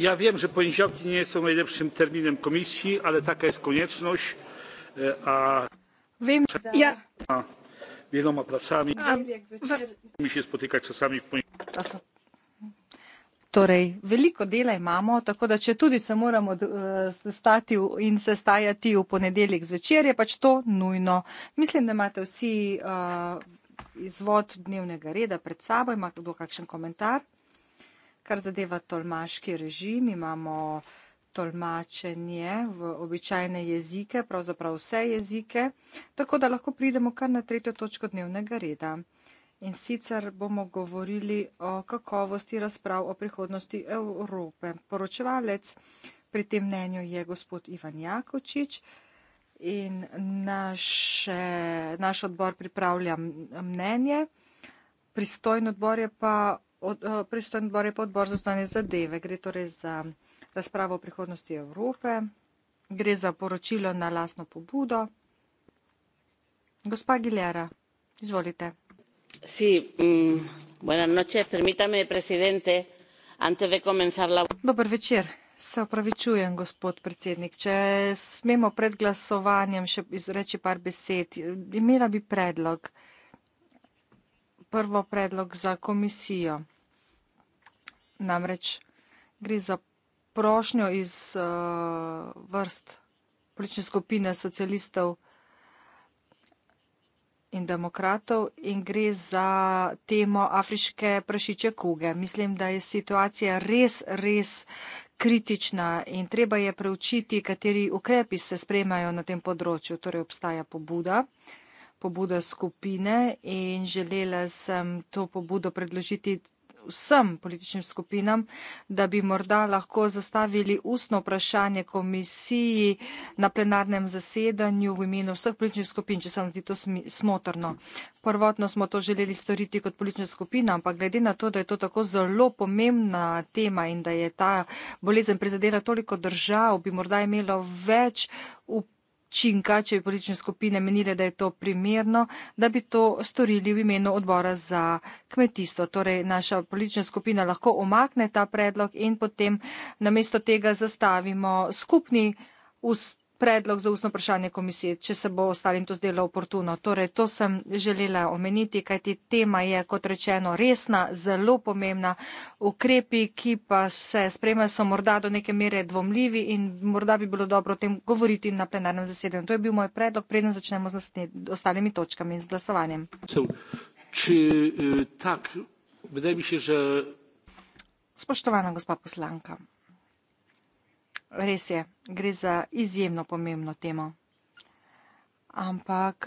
ja wiem że poniedziałki nie są najlepszym terminem komisji ale taka jest konieczność e, a wiem że ja a wieloma pracami mi się spotykać czasami w Torej, veliko dela imamo, tako da če tudi se moramo e, sestati in sestajati v ponedeljek zvečer, je pač to nujno. Mislim, da imate vsi uh, izvod dnevnega reda pred sabo, ima kdo kakšen komentar. Kar zadeva tolmaški režim, imamo tolmačenje v običajne jezike, pravzaprav vse jezike, tako da lahko pridemo kar na tretjo točko dnevnega reda. In sicer bomo govorili o kakovosti razprav o prihodnosti Evrope. Poročevalec pri tem mnenju je gospod Ivan Jakočič in naš, naš odbor pripravlja mnenje. Pristojni odbor je pa Eh, pristojen odbor je pa odbor za zunanje zadeve. Gre torej za razpravo o prihodnosti Evrope, gre za poročilo na lasno pobudo. Gospa Gilera, izvolite. Si, mm, presidente, antes de comenzar la... Dober večer. Se opravičujem, gospod predsednik, če smemo pred glasovanjem še izreči par besed. Imela bi predlog prvo predlog za komisijo. Namreč gre za prošnjo iz uh, vrst politične skupine socialistov in demokratov in gre za temo afriške prašiče kuge. Mislim, da je situacija res, res kritična in treba je preučiti, kateri ukrepi se spremajo na tem področju. Torej obstaja pobuda pobuda skupine in želela sem to pobudo predložiti vsem političnim skupinam, da bi morda lahko zastavili ustno vprašanje komisiji na plenarnem zasedanju v imenu vseh političnih skupin, če se vam zdi to smotrno. Prvotno smo to želeli storiti kot politična skupina, ampak glede na to, da je to tako zelo pomembna tema in da je ta bolezen prizadela toliko držav, bi morda imelo več vprašanje Činka, če bi politične skupine menile, da je to primerno, da bi to storili v imenu odbora za kmetijstvo. Torej, naša politična skupina lahko omakne ta predlog in potem namesto tega zastavimo skupni ustavljanje predlog za ustno vprašanje komisije, če se bo ostalim to zdelo oportuno. Torej, to sem želela omeniti, kajti tema je, kot rečeno, resna, zelo pomembna. Ukrepi, ki pa se spremajo, so morda do neke mere dvomljivi in morda bi bilo dobro o tem govoriti na plenarnem zasedanju. To je bil moj predlog, preden začnemo z ostalimi točkami in z glasovanjem. Če, eh, tak, mi se, že... Spoštovana gospa poslanka. Res je, gre za izjemno pomembno temo. Ampak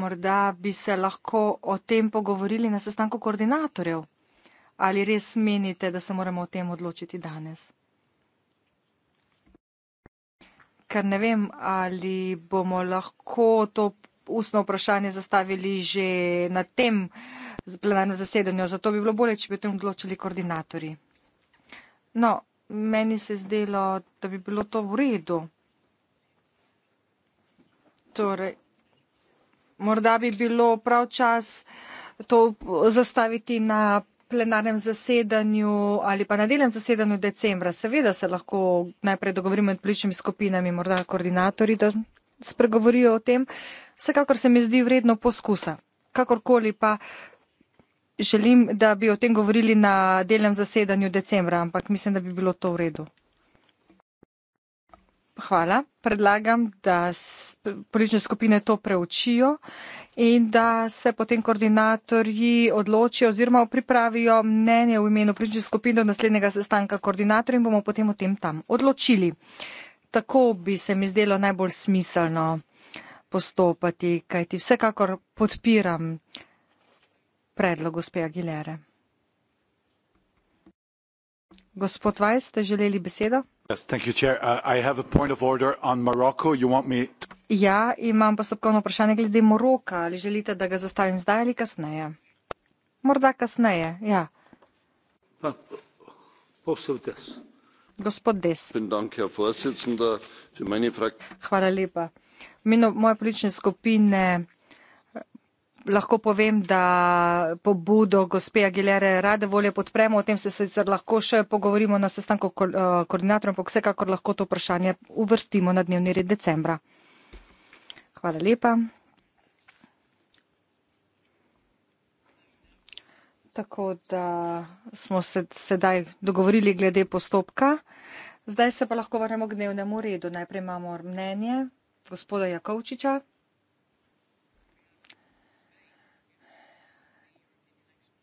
morda bi se lahko o tem pogovorili na sestanku koordinatorjev. Ali res menite, da se moramo o tem odločiti danes? Ker ne vem, ali bomo lahko to ustno vprašanje zastavili že na tem plenarnem zasedanju, zato bi bilo bolje, če bi o tem odločili koordinatorji. No, meni se je zdelo, da bi bilo to v redu. Torej, morda bi bilo prav čas to zastaviti na plenarnem zasedanju ali pa na delnem zasedanju decembra. Seveda se lahko najprej dogovorimo med političnimi skupinami, morda koordinatorji, da spregovorijo o tem. Vsekakor se mi zdi vredno poskusa. Kakorkoli pa želim, da bi o tem govorili na delnem zasedanju decembra, ampak mislim, da bi bilo to v redu. Hvala. Predlagam, da politične skupine to preučijo in da se potem koordinatorji odločijo oziroma pripravijo mnenje v imenu politične skupine do naslednjega sestanka koordinatorjev in bomo potem o tem tam odločili. Tako bi se mi zdelo najbolj smiselno postopati, kajti vsekakor podpiram predlog gospe Aguilere. Gospod Vajs, ste želeli besedo? Yes, thank you, Chair. Uh, I have a point of order on Morocco. You want me to... Ja, imam postopkovno vprašanje glede Moroka. Ali želite, da ga zastavim zdaj ali kasneje? Morda kasneje, ja. Posel Des. Gospod Des. Dank, Hvala lepa. Mino, moje politične skupine lahko povem, da pobudo gospe Aguilere rade volje podpremo, o tem se sicer lahko še pogovorimo na sestanku ko, uh, eh, koordinatorjem, ampak vsekakor lahko to vprašanje uvrstimo na dnevni red decembra. Hvala lepa. Tako da smo se sedaj dogovorili glede postopka. Zdaj se pa lahko vrnemo k dnevnemu redu. Najprej imamo mnenje gospoda Jakovčiča.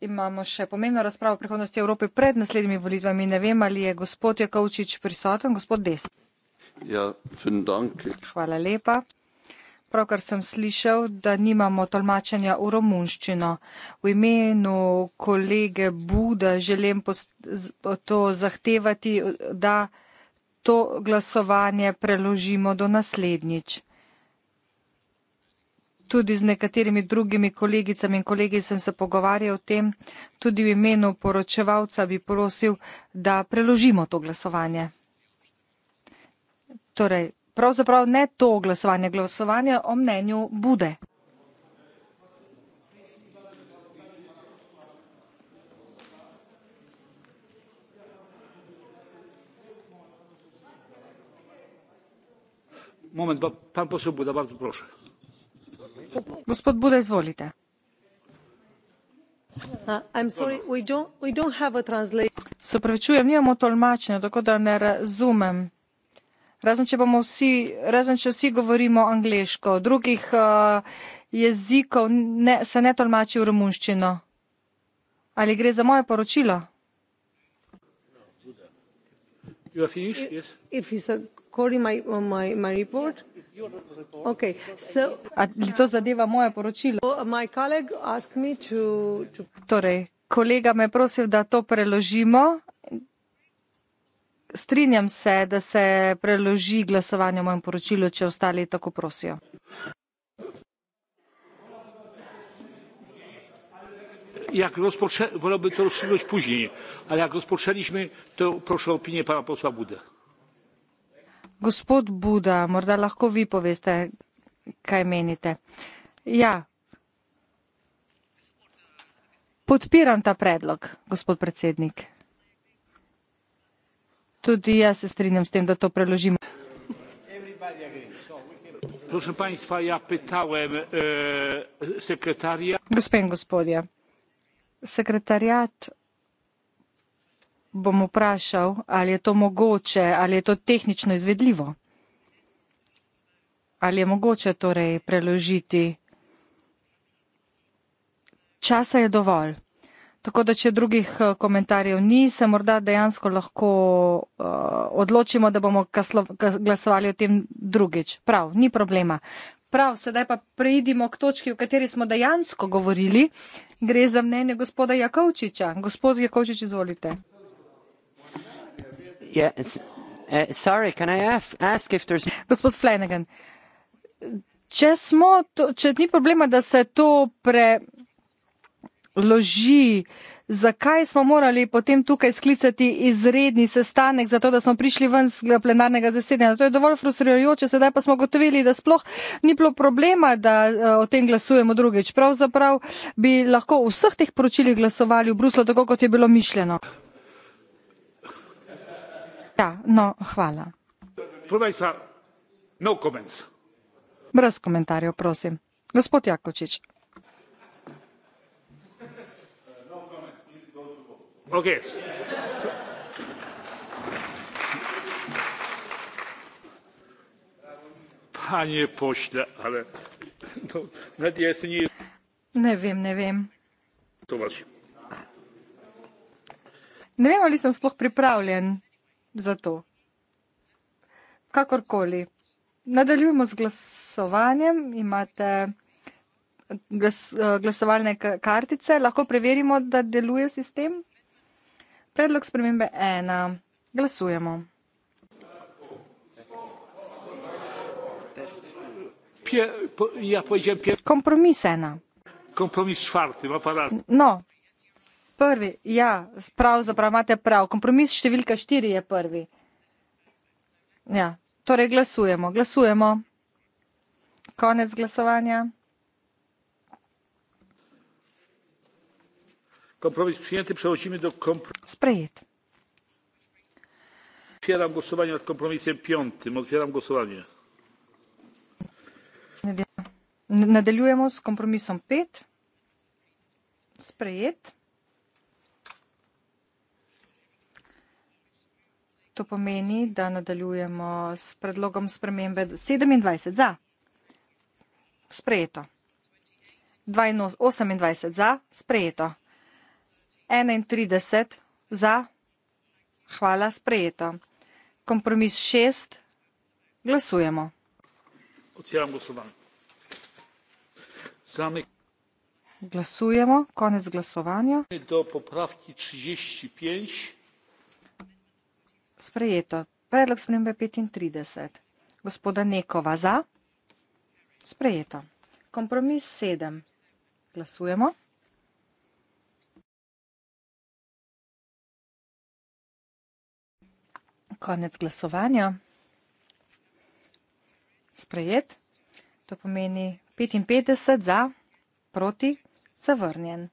imamo še pomembno razpravo o prihodnosti Evrope pred naslednjimi volitvami. Ne vem, ali je gospod Jakovčič prisoten, gospod Dest. Ja, Hvala lepa. Pravkar sem slišal, da nimamo tolmačenja v romunščino. V imenu kolege Buda želim to zahtevati, da to glasovanje preložimo do naslednjič tudi z nekaterimi drugimi kolegicami in kolegi sem se pogovarjal o tem, tudi v imenu poročevalca bi prosil, da preložimo to glasovanje. Torej, pravzaprav ne to glasovanje, glasovanje o mnenju bude. Moment, pa, pan posel bude, bardzo proszę gospod Buda, izvolite. Uh, se pravičujem, nimamo tolmačenja, tako da ne razumem. Razen če, bomo vsi, razen, če vsi govorimo angliško, drugih uh, jezikov ne, se ne tolmači v romunščino. Ali gre za moje poročilo? No, according my uh, my my report. Okay, so ali to zadeva moje poročilo? My colleague asked me to to. Torej, kolega me prosil, da to preložimo. Strinjam se, da se preloži glasovanje o mojem poročilu, če ostali tako prosijo. Jak rozpoče, volel bi to rozširiti pozneje, ampak jak rozpočeli smo, to prosim opinijo pana posla Budeha. Gospod Buda, morda lahko vi poveste, kaj menite. Ja, podpiram ta predlog, gospod predsednik. Tudi jaz se strinjam s tem, da to preložimo. Prošen panjstva, ja pitalem eh, sekretarja. Gospe in gospodje, sekretarjat bom vprašal, ali je to mogoče, ali je to tehnično izvedljivo. Ali je mogoče torej preložiti? Časa je dovolj. Tako da, če drugih eh, komentarjev ni, se morda dejansko lahko uh, odločimo, da bomo kaslo, kas, glasovali o tem drugič. Prav, ni problema. Prav, sedaj pa preidimo k točki, o kateri smo dejansko govorili. Gre za mnenje gospoda Jakovčiča. Gospod Jakovčič, izvolite. Uh, Eh, Gospod Flanagan, če, smo, to, če ni problema, da se to preloži, zakaj smo morali potem tukaj sklicati izredni sestanek, zato da smo prišli ven z plenarnega zasedanja? To je dovolj frustrirajoče, sedaj pa smo gotovili, da sploh ni bilo problema, da eh, o tem glasujemo drugič. Pravzaprav bi lahko v vseh teh poročilih glasovali v Bruslu, tako kot je bilo mišljeno. Ja, no, hvala. No Brez komentarjev, prosim. Gospod Jakočič. Panje pošlje, ali no, na desni. Ja ne vem, ne vem. To vaš. Ne vem, ali sem sploh pripravljen za to. Kakorkoli. Nadaljujemo z glasovanjem. Imate glas, eh, glasovalne kartice. Lahko preverimo, da deluje sistem. Predlog spremembe ena. Glasujemo. Test. Pje, po, ja, pojdem, pje... Kompromis ena. Kompromis četrti, aparat. No, prvi, ja, pravzaprav imate prav. Kompromis številka štiri je prvi. Ja, torej glasujemo, glasujemo. Konec glasovanja. Kompromis prijeti, prehodimo do kompromisa. Sprejet. Otvaram glasovanje nad kompromisom petim, odpiram glasovanje. Nadaljujemo s kompromisom pet. Sprejet. To pomeni, da nadaljujemo s predlogom spremembe 27 za. Sprejeto. 28 za. Sprejeto. 31 za. Hvala. Sprejeto. Kompromis 6. Glasujemo. Odsijam glasovanje. Zame. Glasujemo. Konec glasovanja. Do popravki 35. Sprejeto. Predlog spremembe 35. Gospoda Nekova za. Sprejeto. Kompromis 7. Glasujemo. Konec glasovanja. Sprejet. To pomeni 55 za, proti, zavrnjen.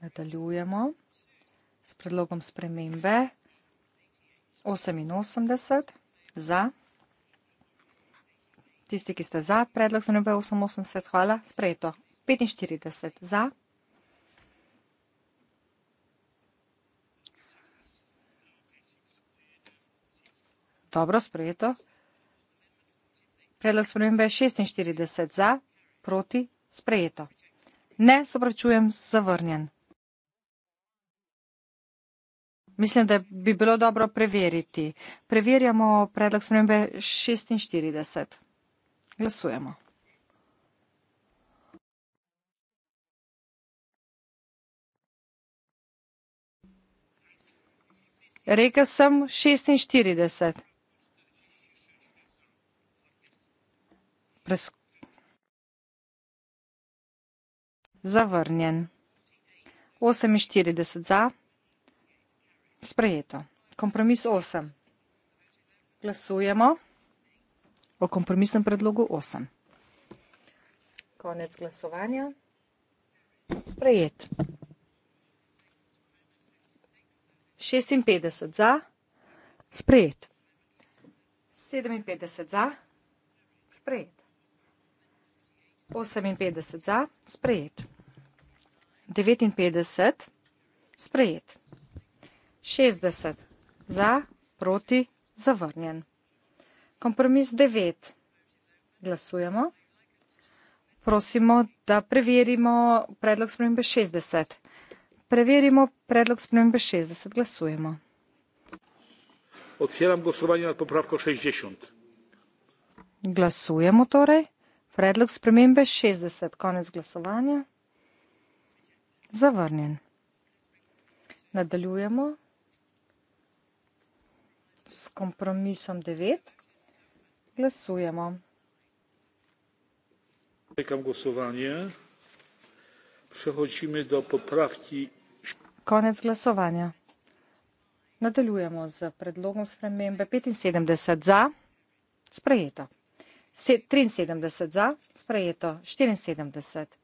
Nadaljujemo s predlogom spremembe. 88 za. Tisti, ki ste za predlog spremembe 88, hvala. Sprejeto. 45 za. Dobro, sprejeto. Predlog spremembe 46 za, proti, sprejeto. Ne, se opravičujem, zavrnjen. Mislim, da bi bilo dobro preveriti. Preverjamo predlog spremembe 46. Glasujemo. Rekel sem 46. Pres... Zavrnjen. 48 za sprejeto. Kompromis 8. Glasujemo o kompromisnem predlogu 8. Konec glasovanja. Sprejet. 56 za. Sprejet. 57 za. Sprejet. 58 za. Sprejet. 59. Sprejet. 60. Za, proti, zavrnjen. Kompromis 9. Glasujemo. Prosimo, da preverimo predlog spremembe 60. Preverimo predlog spremembe 60. Glasujemo. Odsjelam glasovanje nad popravko 60. Glasujemo torej. Predlog spremembe 60. Konec glasovanja. Zavrnjen. Nadaljujemo s kompromisom devet glasujemo prekam glasovanje prehodimo do popravki konec glasovanja nadaljujemo z predlogom spremembe petinsedemdeset za sprejeto triinsedemdeset za sprejeto štiriinsedemdeset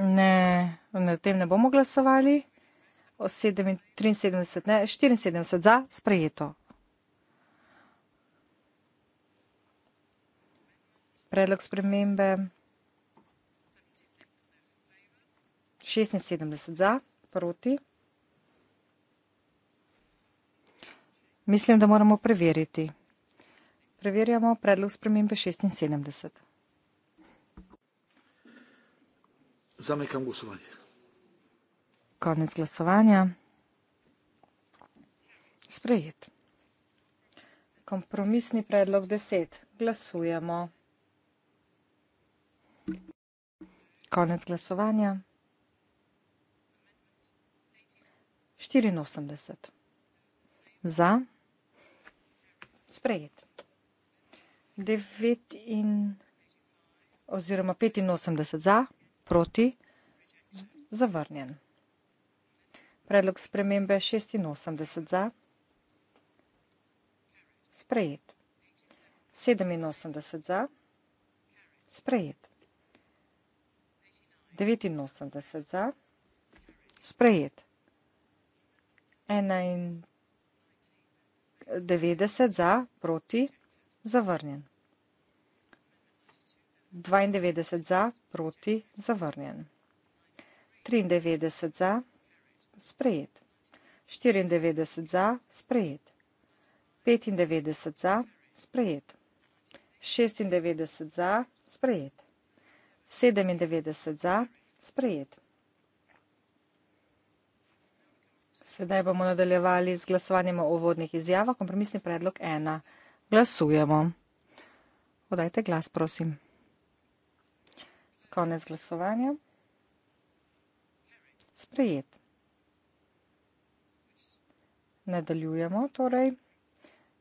Ne, na tem ne bomo glasovali. 73, ne, 74 za sprejeto. Predlog spremembe. 76 za, proti. Mislim, da moramo preveriti. Preverjamo predlog spremembe 76. Zamekam glasovanje. Konec glasovanja. Sprejet. Kompromisni predlog 10. Glasujemo. Konec glasovanja. 84. Za. Sprejet. 9 in oziroma 85 za proti zavrnjen. Predlog spremembe 86 za sprejet. 87 za sprejet. 89 za sprejet. 91 za proti zavrnjen. 92 za, proti, zavrnjen. 93 za, sprejet. 94 za, sprejet. 95 za, sprejet. 96 za, sprejet. 97 za, sprejet. Sedaj bomo nadaljevali z glasovanjem o uvodnih izjavah. Kompromisni predlog 1. Glasujemo. Podajte glas, prosim. Konec glasovanja. Sprejet. Nadaljujemo torej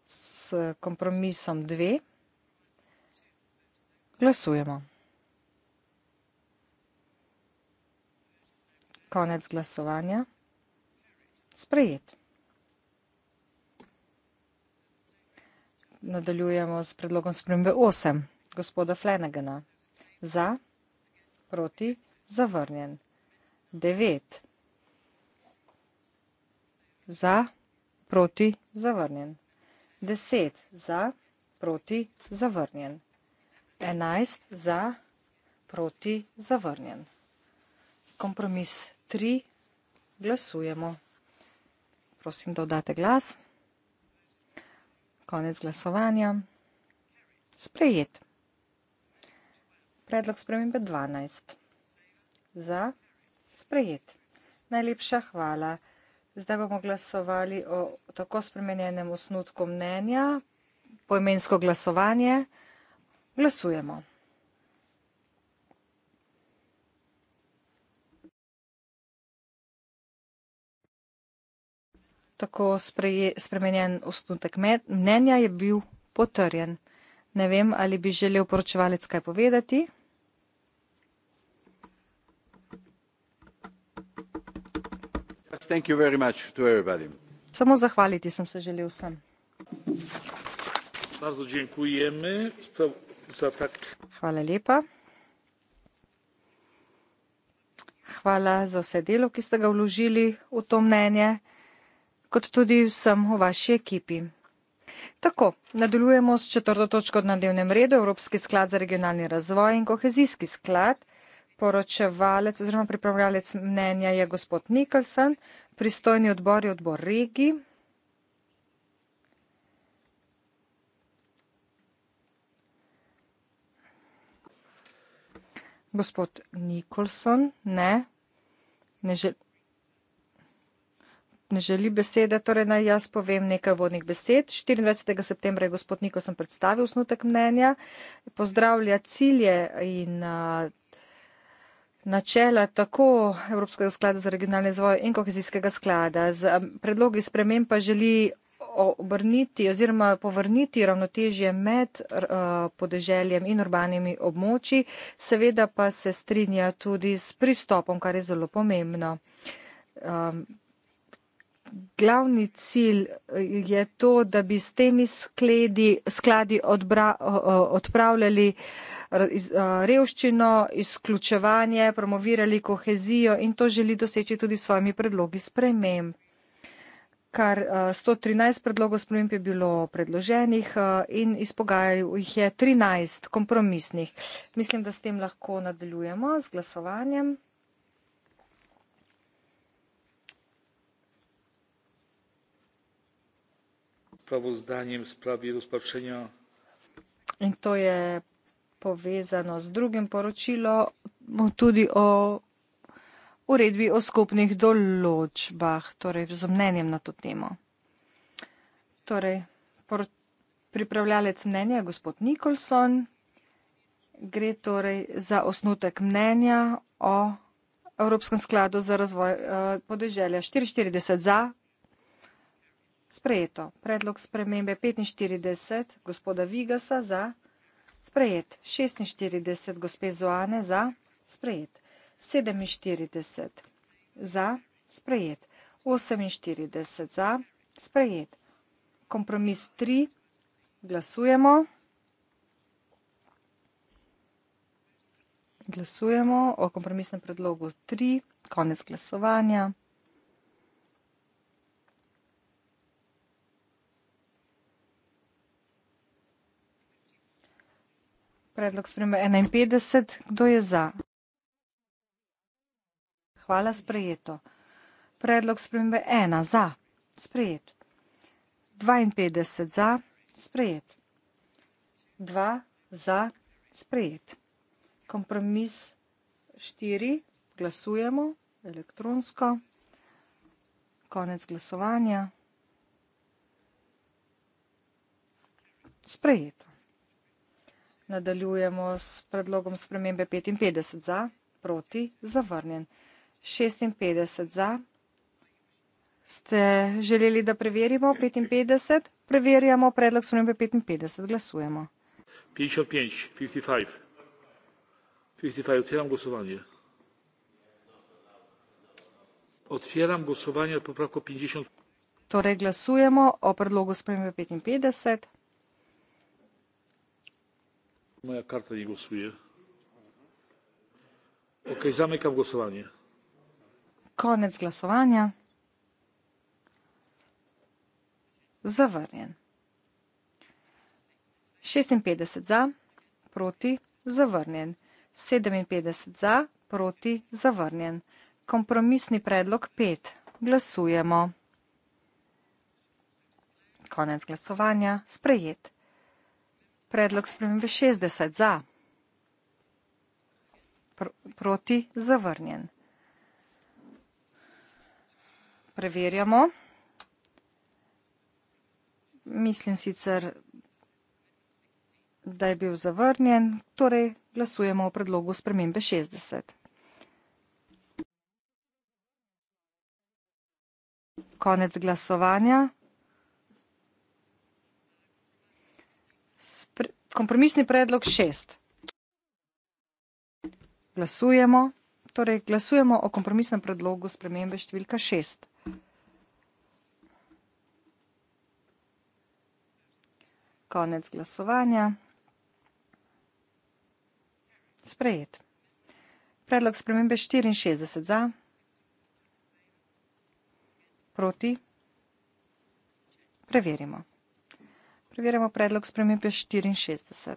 s kompromisom 2. Glasujemo. Konec glasovanja. Sprejet. Nadaljujemo s predlogom spremembe 8 gospoda Flanagana. Za proti zavrnjen. 9. Za, proti zavrnjen. 10. Za, proti zavrnjen. 11. Za, proti zavrnjen. Kompromis 3. Glasujemo. Prosim, da odate glas. Konec glasovanja. Sprejeti. Predlog spremembe 12. Za sprejet. Najlepša hvala. Zdaj bomo glasovali o tako spremenjenem osnutku mnenja, poimensko glasovanje. Glasujemo. Tako spreje, spremenjen osnutek med, mnenja je bil potrjen. Ne vem, ali bi želel poročevalec kaj povedati. samo zahvaliti sem se želel vsem hvala lepa hvala za vse delo ki ste ga vložili v to mnenje kot tudi vsem v vaši ekipi Tako, nadaljujemo s četrto točko na dnevnem redu, Evropski sklad za regionalni razvoj in kohezijski sklad poročevalec oziroma pripravljalec mnenja je gospod Nikolsen, pristojni odbor je odbor Regi. Gospod Nikolson, ne. Ne, žel, ne želi besede, torej naj jaz povem nekaj vodnih besed. 24. septembra je gospod Nikolson predstavil snutek mnenja, pozdravlja cilje in uh, načela tako Evropskega sklada za regionalni razvoj in kohezijskega sklada. Z um, predlogi sprememb pa želi obrniti oziroma povrniti ravnotežje med uh, podeželjem in urbanimi območji, seveda pa se strinja tudi s pristopom, kar je zelo pomembno. Um, glavni cilj eh, je to, da bi s temi skledi, skladi odbra, odpravljali eh, revščino, izključevanje, promovirali kohezijo in to želi doseči tudi s svojimi predlogi sprememb. Kar 113 eh, predlogov sprememb je bilo predloženih in izpogajal jih je 13 kompromisnih. Mislim, da s tem lahko nadaljujemo z glasovanjem. sprawozdaniem w sprawie rozpatrzenia In to je povezano z drugim poročilom, tudi o uredbi o skupnih določbah, torej z mnenjem na to temo. Torej, pripravljalec mnenja, gospod Nikolson, gre torej za osnutek mnenja o Evropskem skladu za razvoj eh, podeželja 44 za, Sprejeto. Predlog spremembe 45, gospoda Vigasa za sprejet. 46, gospe Zoane za sprejet. 47 za sprejet. 48 za sprejet. Kompromis 3. Glasujemo. Glasujemo o kompromisnem predlogu 3. Konec glasovanja. Predlog spremembe 51. Kdo je za? Hvala, sprejeto. Predlog spremembe 1. Za. Sprejet. 52. Za. Sprejet. 2. Za. Sprejet. Kompromis 4. Glasujemo elektronsko. Konec glasovanja. Sprejeto. Nadaljujemo s predlogom spremembe 55 za, proti, zavrnjen. 56 za. Ste želeli, da preverimo 55? Preverjamo predlog spremembe 55. Glasujemo. 55. 55. Odfiram glasovanje. Odfiram glasovanje od popravko 50. Torej glasujemo o predlogu spremembe 55 moja karta nie głosuje. Ok, zamykam głosowanie. Koniec głosowania. Zawarjen. 56 za, proti, zawarjen. 57 za, proti, zavrnjen. Kompromisni predlog 5. Glasujemo. Konec glasovanja. Sprejet. Predlog spremembe 60 za. Pr proti zavrnjen. Preverjamo. Mislim sicer, da je bil zavrnjen, torej glasujemo o predlogu spremembe 60. Konec glasovanja. kompromisni predlog šest. Glasujemo, torej glasujemo o kompromisnem predlogu spremembe številka šest. Konec glasovanja. Sprejet. Predlog spremembe 64 za. Proti. Preverimo. Preverjamo predlog spremembe 64.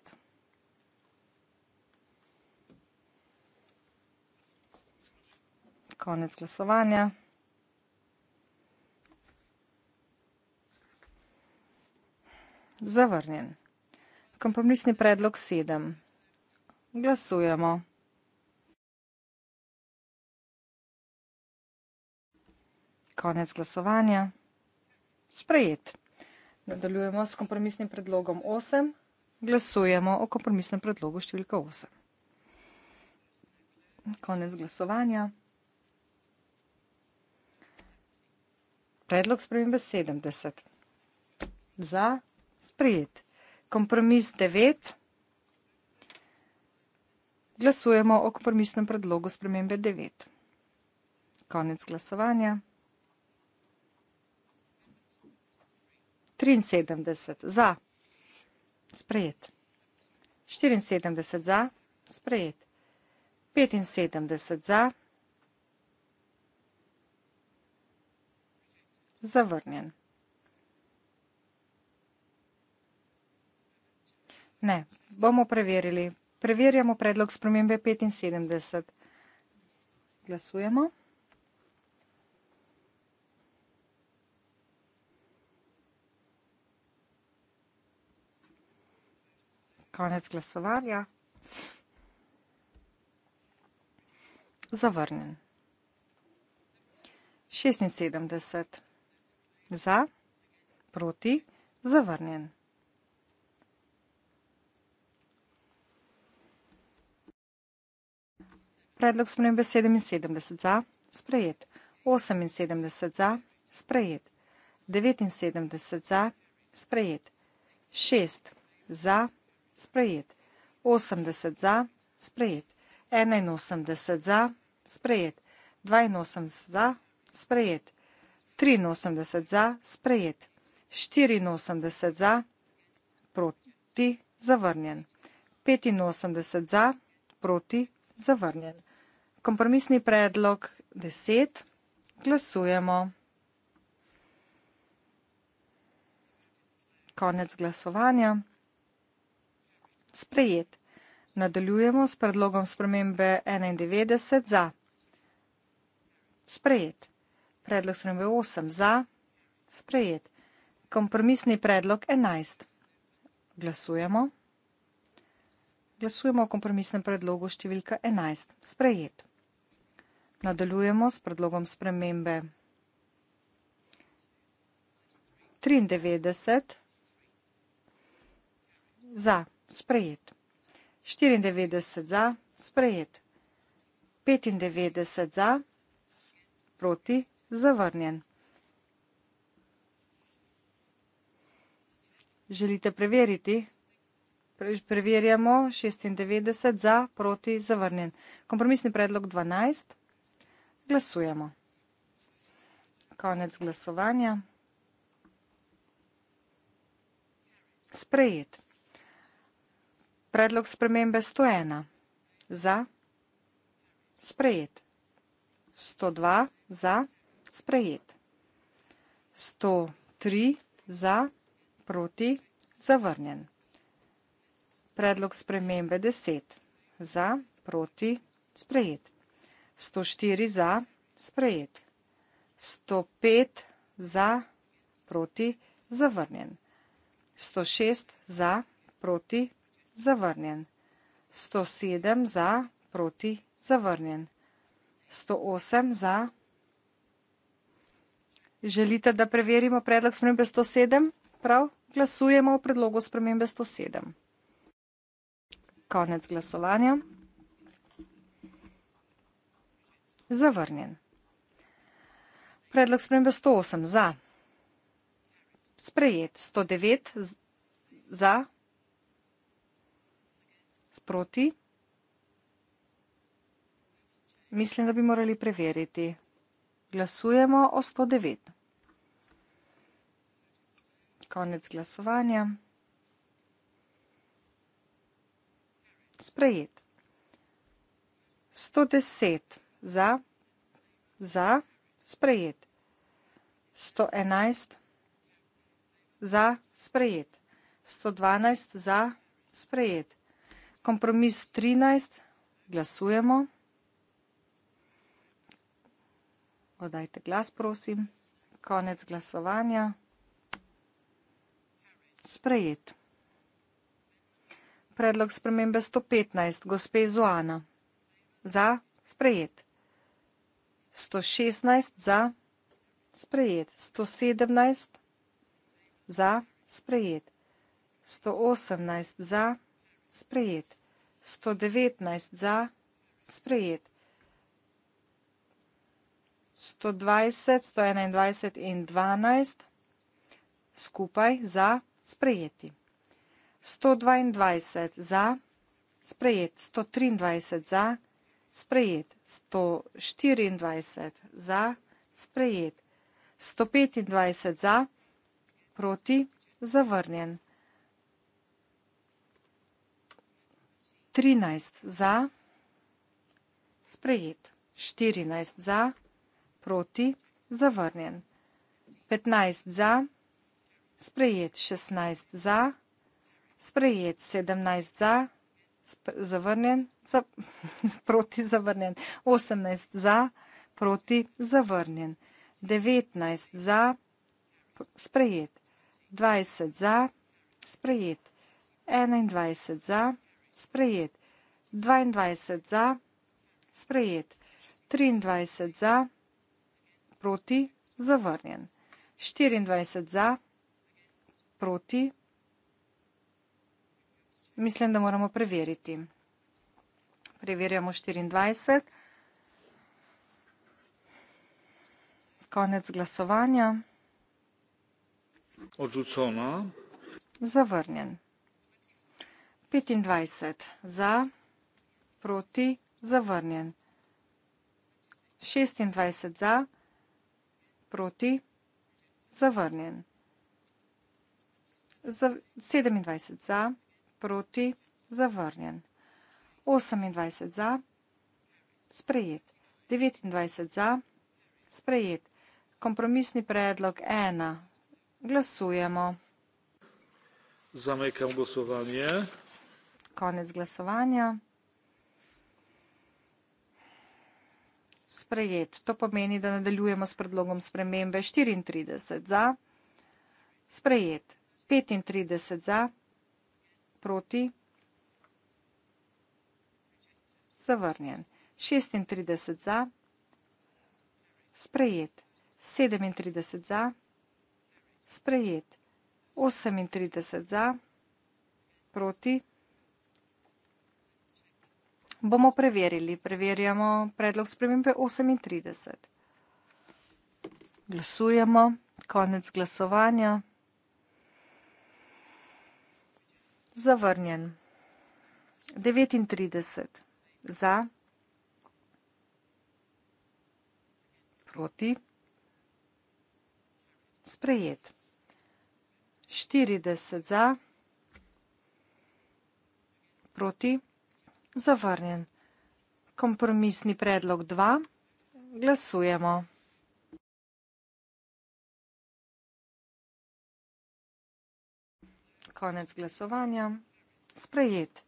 Konec glasovanja. Zavrnjen. Kompromisni predlog 7. Glasujemo. Konec glasovanja. Sprejet. Nadaljujemo s kompromisnim predlogom 8. Glasujemo o kompromisnem predlogu številka 8. Konec glasovanja. Predlog spremembe 70. Za sprejet. Kompromis 9. Glasujemo o kompromisnem predlogu spremembe 9. Konec glasovanja. 73 za. Sprejet. 74 za. Sprejet. 75 za. Zavrnjen. Ne, bomo preverili. Preverjamo predlog spremembe 75. Glasujemo. konec glasovanja. Zavrnjen. 76. Za, proti, zavrnjen. Predlog spremembe 77 za, sprejet. 78 za, sprejet. 79 za, sprejet. 6 za, sprejet sprejet. 80 za, sprejet. 81 za, sprejet. 82 za, sprejet. 83 za, sprejet. 84 za, proti, zavrnjen. 85 za, proti, zavrnjen. Kompromisni predlog 10. Glasujemo. Konec glasovanja sprejet. Nadaljujemo s predlogom spremembe 91 za. Sprejet. Predlog spremembe 8 za. Sprejet. Kompromisni predlog 11. Glasujemo. Glasujemo o kompromisnem predlogu številka 11. Sprejet. Nadaljujemo s predlogom spremembe 93. Za sprejet. 94 za, sprejet. 95 za, proti, zavrnjen. Želite preveriti? Preverjamo 96 za, proti, zavrnjen. Kompromisni predlog 12. Glasujemo. Konec glasovanja. Sprejet. Predlog spremembe 101. Za. Sprejet. 102. Za. Sprejet. 103. Za. Proti. Zavrnjen. Predlog spremembe 10. Za. Proti. Sprejet. 104. Za. Sprejet. 105. Za. Proti. Zavrnjen. 106. Za. Proti. Sprejet zavrnjen. 107 za, proti, zavrnjen. 108 za. Želite, da preverimo predlog spremembe 107? Prav, glasujemo o predlogu spremembe 107. Konec glasovanja. Zavrnjen. Predlog spremembe 108 za. Sprejet. 109 za, proti? Mislim, da bi morali preveriti. Glasujemo o 109. Konec glasovanja. Sprejet. 110 za, za, sprejet. 111 za, sprejet. 112 za, sprejet kompromis 13, glasujemo. Odajte glas, prosim. Konec glasovanja. Sprejet. Predlog spremembe 115, gospe Zoana. Za, sprejet. 116, za, sprejet. 117, za, sprejet. 118, za, sprejet sprejet. 119 za, sprejet. 120, 121 in 12 skupaj za, sprejeti. 122 za, sprejet. 123 za, sprejet. 124 za, sprejet. 125 za, proti, zavrnjen. 13 za, sprejet. 14 za, proti, zavrnjen. 15 za, sprejet. 16 za, sprejet. 17 za, zavrnjen. Proti, zavrnjen. 18 za, proti, zavrnjen. 19 za, sprejet. 20 za, sprejet. 21 za, sprejet sprejet. 22 za, sprejet. 23 za, proti, zavrnjen. 24 za, proti. Mislim, da moramo preveriti. Preverjamo 24. Konec glasovanja. Odrucona. Zavrnjen. 25 za, proti, zavrnjen. 26 za, proti, zavrnjen. 27 za, proti, zavrnjen. 28 za, sprejet. 29 za, sprejet. Kompromisni predlog 1. Glasujemo. Zamykam głosowanie konec glasovanja. Sprejet. To pomeni, da nadaljujemo s predlogom spremembe 34 za. Sprejet. 35 za. Proti. Zavrnjen. 36 za. Sprejet. 37 za. Sprejet. 38 za. Proti. Bomo preverili. Preverjamo predlog spremembe 38. Glasujemo. Konec glasovanja. Zavrnjen. 39. Za. Proti. Sprejet. 40 za, proti zavrnjen. Kompromisni predlog 2. Glasujemo. Konec glasovanja. Sprejet.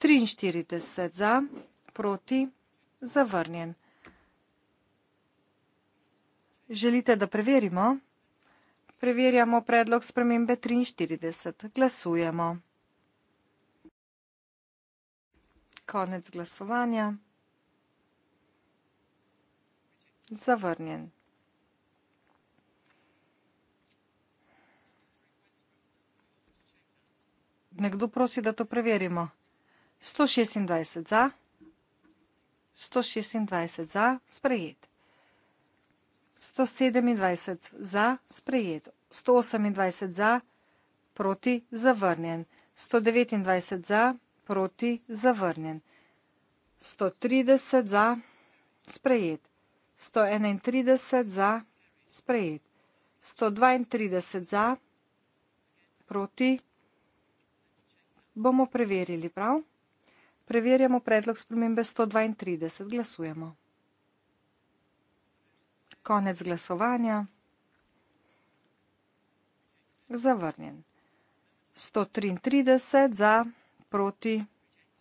43 za, proti, zavrnjen. Želite, da preverimo? Preverjamo predlog spremembe 43. Glasujemo. konec glasovanja. Zavrnjen. Nekdo prosi, da to preverimo. 126 za. 126 za, sprejet. 127 za, sprejet. 128 za, proti, zavrnjen. 129 za, proti zavrnjen. 130 za sprejet, 131 za sprejet, 132 za proti. Bomo preverili prav. Preverjamo predlog spremembe 132. Glasujemo. Konec glasovanja. Zavrnjen. 133 za sprejet proti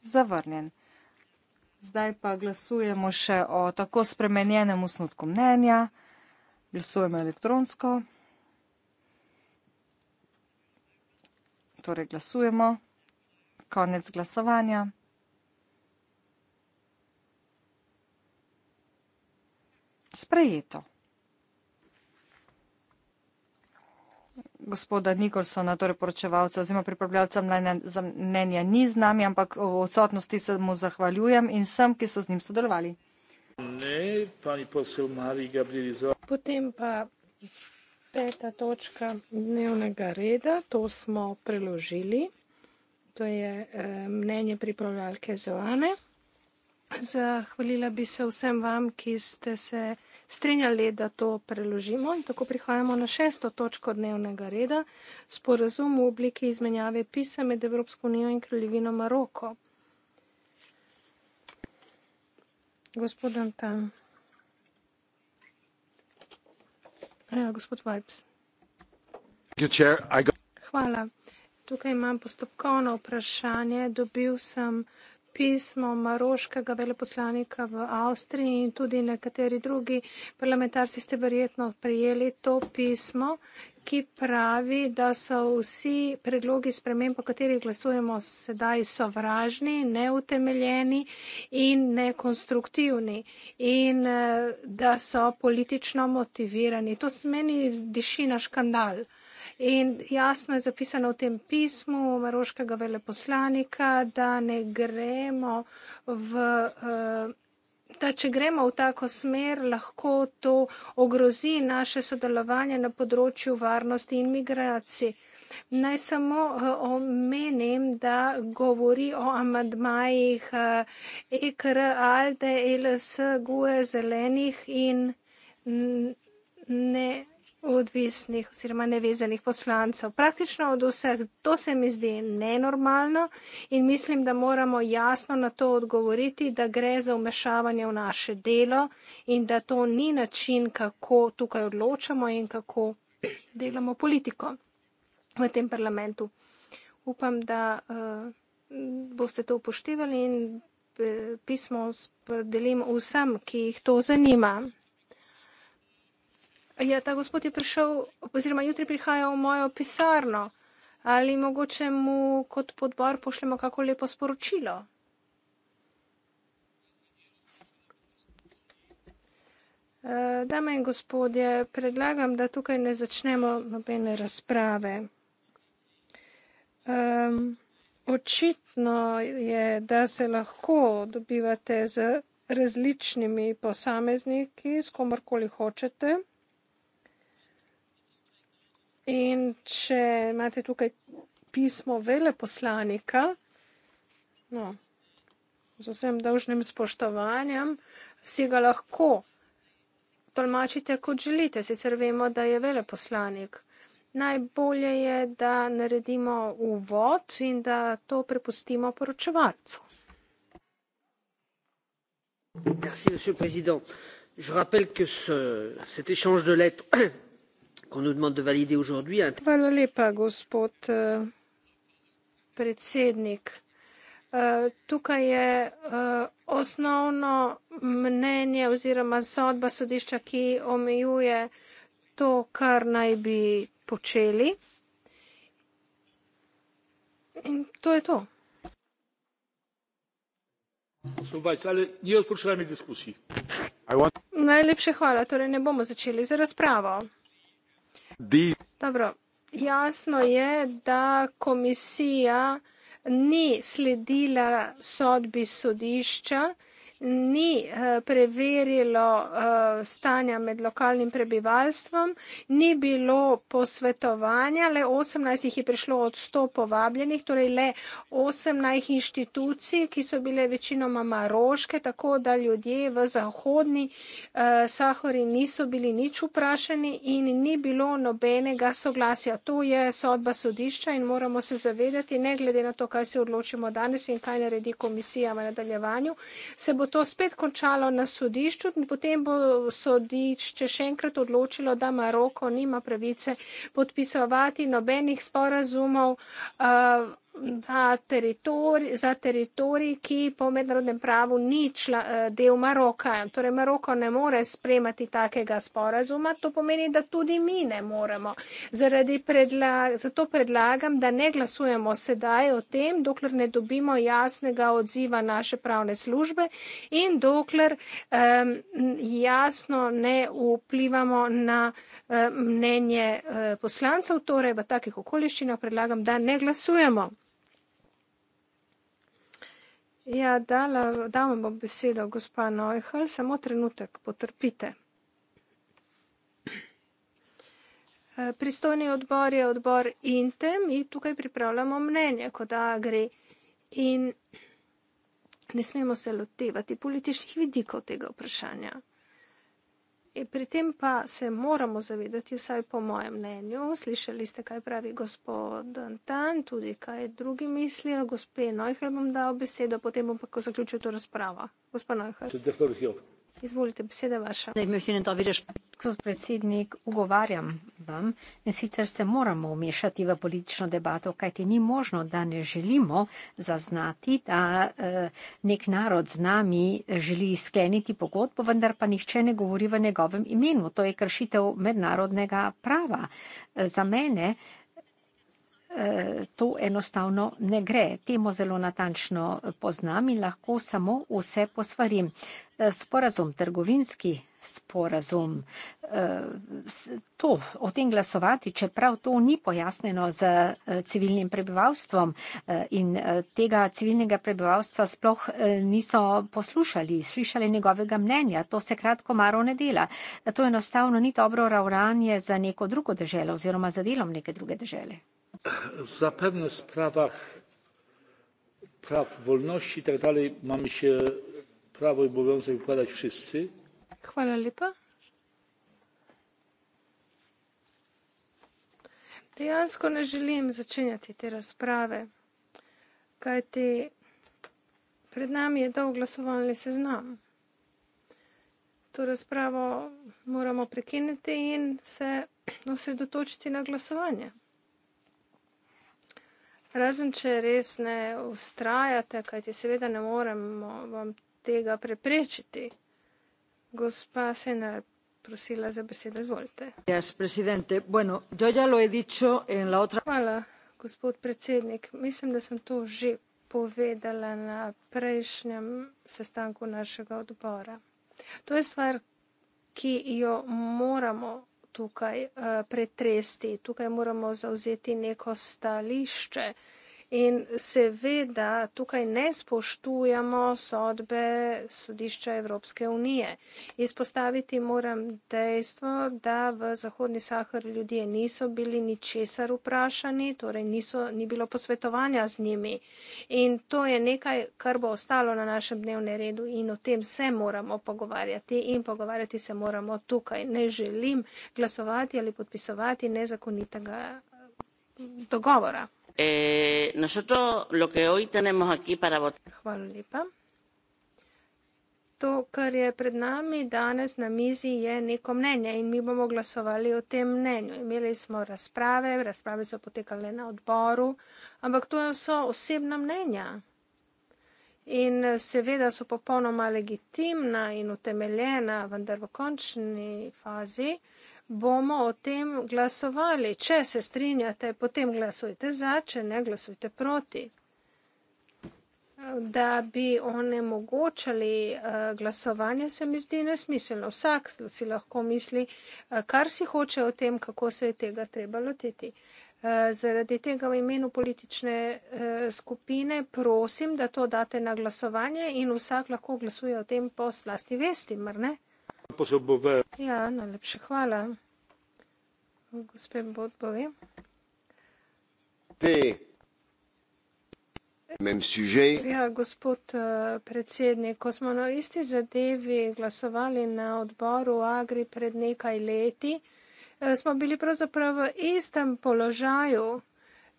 zavrnjen. Zdaj pa glasujemo še o tako spremenjenem usnutku mnenja. Glasujemo elektronsko. Torej glasujemo. Konec glasovanja. Sprejeto. gospoda Nikolsona, torej poročevalca oziroma pripravljalca mnenja, ni z nami, ampak v odsotnosti se mu zahvaljujem in vsem, ki so z njim sodelovali. Ne, pani posel Mari Gabrielizo. Potem pa peta točka dnevnega reda, to smo preložili. To je eh, mnenje pripravljalke Zoane. Zahvalila bi se vsem vam, ki ste se strinjali, da to preložimo. In tako prihajamo na šesto točko dnevnega reda, sporazum v obliki izmenjave pisa med Evropsko unijo in kraljevino Maroko. Gospod Antan. Ja, gospod Vajps. Hvala. Tukaj imam postopkovno vprašanje. Dobil sem pismo maroškega veleposlanika v Avstriji in tudi nekateri drugi parlamentarci ste verjetno prijeli to pismo, ki pravi, da so vsi predlogi sprememb, po katerih glasujemo sedaj, sovražni, neutemeljeni in nekonstruktivni in eh, da so politično motivirani. To se meni diši na škandal. In jasno je zapisano v tem pismu maroškega veleposlanika, da ne gremo v. Uh, Da, če gremo v tako smer, lahko to ogrozi naše sodelovanje na področju varnosti in migracij. Naj samo eh, omenim, da govori o amadmajih EKR, eh, e ALDE, e LS, GUE, Zelenih in ne odvisnih oziroma nevezanih poslancev. Praktično od vseh to se mi zdi nenormalno in mislim, da moramo jasno na to odgovoriti, da gre za umešavanje v naše delo in da to ni način, kako tukaj odločamo in kako delamo politiko v tem parlamentu. Upam, da uh, boste to upoštevali in uh, pismo delim vsem, ki jih to zanima. Ja, ta gospod je prišel, oziroma jutri prihaja v mojo pisarno. Ali mogoče mu kot podbor pošljemo kako lepo sporočilo? E, dame in gospodje, predlagam, da tukaj ne začnemo nobene razprave. Um, očitno je, da se lahko dobivate z različnimi posamezniki, s komorkoli hočete. In če imate tukaj pismo veleposlanika, no, z vsem dolžnim spoštovanjem, si ga lahko tolmačite, kot želite. Sicer vemo, da je veleposlanik. Najbolje je, da naredimo uvod in da to prepustimo poročevalcu. Merci, monsieur le président. Je rappelle que ce, cet échange de lettres qu'on nous demande de valider aujourd'hui. Un... Uh, tukaj je uh, osnovno mnenje oziroma sodba sodišča, ki omejuje to, kar naj bi počeli. In to je to. Najlepše hvala. Torej ne bomo začeli z razpravo. Dobro. Jasno je, da komisija ni sledila sodbi sodišča ni eh, preverilo eh, stanja med lokalnim prebivalstvom, ni bilo posvetovanja, le 18 jih je prišlo od 100 povabljenih, torej le 18 inštitucij, ki so bile večinoma maroške, tako da ljudje v zahodni eh, Sahori niso bili nič vprašani in ni bilo nobenega soglasja. To je sodba sodišča in moramo se zavedati, ne glede na to, kaj se odločimo danes in kaj naredi komisija v nadaljevanju, se bo to spet končalo na sodišču in potem bo sodišče še enkrat odločilo, da Maroko nima pravice podpisovati nobenih sporazumov. Uh, teritori, za teritorij, ki po mednarodnem pravu ni čla, eh, del Maroka. Torej, Maroko ne more spremati takega sporazuma, to pomeni, da tudi mi ne moremo. Predla zato predlagam, da ne glasujemo sedaj o tem, dokler ne dobimo jasnega odziva naše pravne službe in dokler um, jasno ne vplivamo na um, mnenje um, poslancev. Torej, v takih okoliščinah predlagam, da ne glasujemo. Ja, dala, dam vam besedo, gospa Neuhl, samo trenutek, potrpite. Eh, pristojni odbor je odbor INTE, mi tukaj pripravljamo mnenje kot AGRI in ne smemo se lotevati političnih vidikov tega vprašanja. In e pri tem pa se moramo zavedati, vsaj po mojem mnenju, slišali ste, kaj pravi gospod Antan, tudi kaj drugi mislijo. Gospe Neuhel bom dal besedo, potem bom pa zaključil to razpravo. Gospod Neuhel. Izvolite, beseda vaša. Zdaj, Mjohinen, to vidiš. Gospod predsednik, ugovarjam vam in sicer se moramo umešati v politično debato, kajti ni možno, da ne želimo zaznati, da eh, nek narod z nami želi skleniti pogodbo, vendar pa nihče ne govori v njegovem imenu. To je kršitev mednarodnega prava. Eh, za mene eh, to enostavno ne gre. Temo zelo natančno poznam in lahko samo vse posvarim. Sporazum, trgovinski sporazum, to, o tem glasovati, čeprav to ni pojasneno z civilnim prebivalstvom in tega civilnega prebivalstva sploh niso poslušali, slišali njegovega mnenja, to se kratko maro ne dela. To enostavno ni dobro ravnanje za neko drugo državo oziroma za delom neke druge države zapewne w sprawach praw wolności i tak dalej mamy się prawo i obowiązek wypowiadać wszyscy. Chwala lipa. Dejansko ne želim začenjati te razprave, kajti pred nami je dolg glasovalni seznam. To razpravo moramo prekiniti in se osredotočiti na glasovanje. Razen, če res ne ustrajate, kajti seveda ne moremo vam tega preprečiti. Gospa Senar, prosila za besedo, izvolite. Yes, bueno, yo ya lo he dicho en la otra... Hvala, gospod predsednik. Mislim, da sem to že povedala na prejšnjem sestanku našega odbora. To je stvar, ki jo moramo tukaj uh, pretresti. Tukaj moramo zauzeti neko stališče, In seveda tukaj ne spoštujemo sodbe sodišča Evropske unije. Izpostaviti moram dejstvo, da v Zahodni Sahar ljudje niso bili ničesar vprašani, torej niso, ni bilo posvetovanja z njimi. In to je nekaj, kar bo ostalo na našem dnevnem redu in o tem se moramo pogovarjati in pogovarjati se moramo tukaj. Ne želim glasovati ali podpisovati nezakonitega dogovora. Eh, nosotros lo que hoy tenemos aquí para votar. Hvala lepa. To, kar je pred nami danes na mizi, je neko mnenje in mi bomo glasovali o tem mnenju. Imeli smo razprave, razprave so potekale na odboru, ampak to so osebna mnenja. In seveda so popolnoma legitimna in utemeljena, vendar v končni fazi bomo o tem glasovali. Če se strinjate, potem glasujte za, če ne glasujte proti. Da bi onemogočali eh, glasovanje, se mi zdi nesmiselno. Vsak si lahko misli, eh, kar si hoče o tem, kako se je tega treba lotiti. Eh, zaradi tega v imenu politične skupine prosim, da to date na glasovanje in vsak lahko glasuje o tem po slasti vesti, mrne? Ja, najlepša hvala. Gospe Bot, povem. Ja, gospod uh, predsednik, ko smo na isti zadevi glasovali na odboru Agri pred nekaj leti, uh, smo bili pravzaprav v istem položaju. Uh,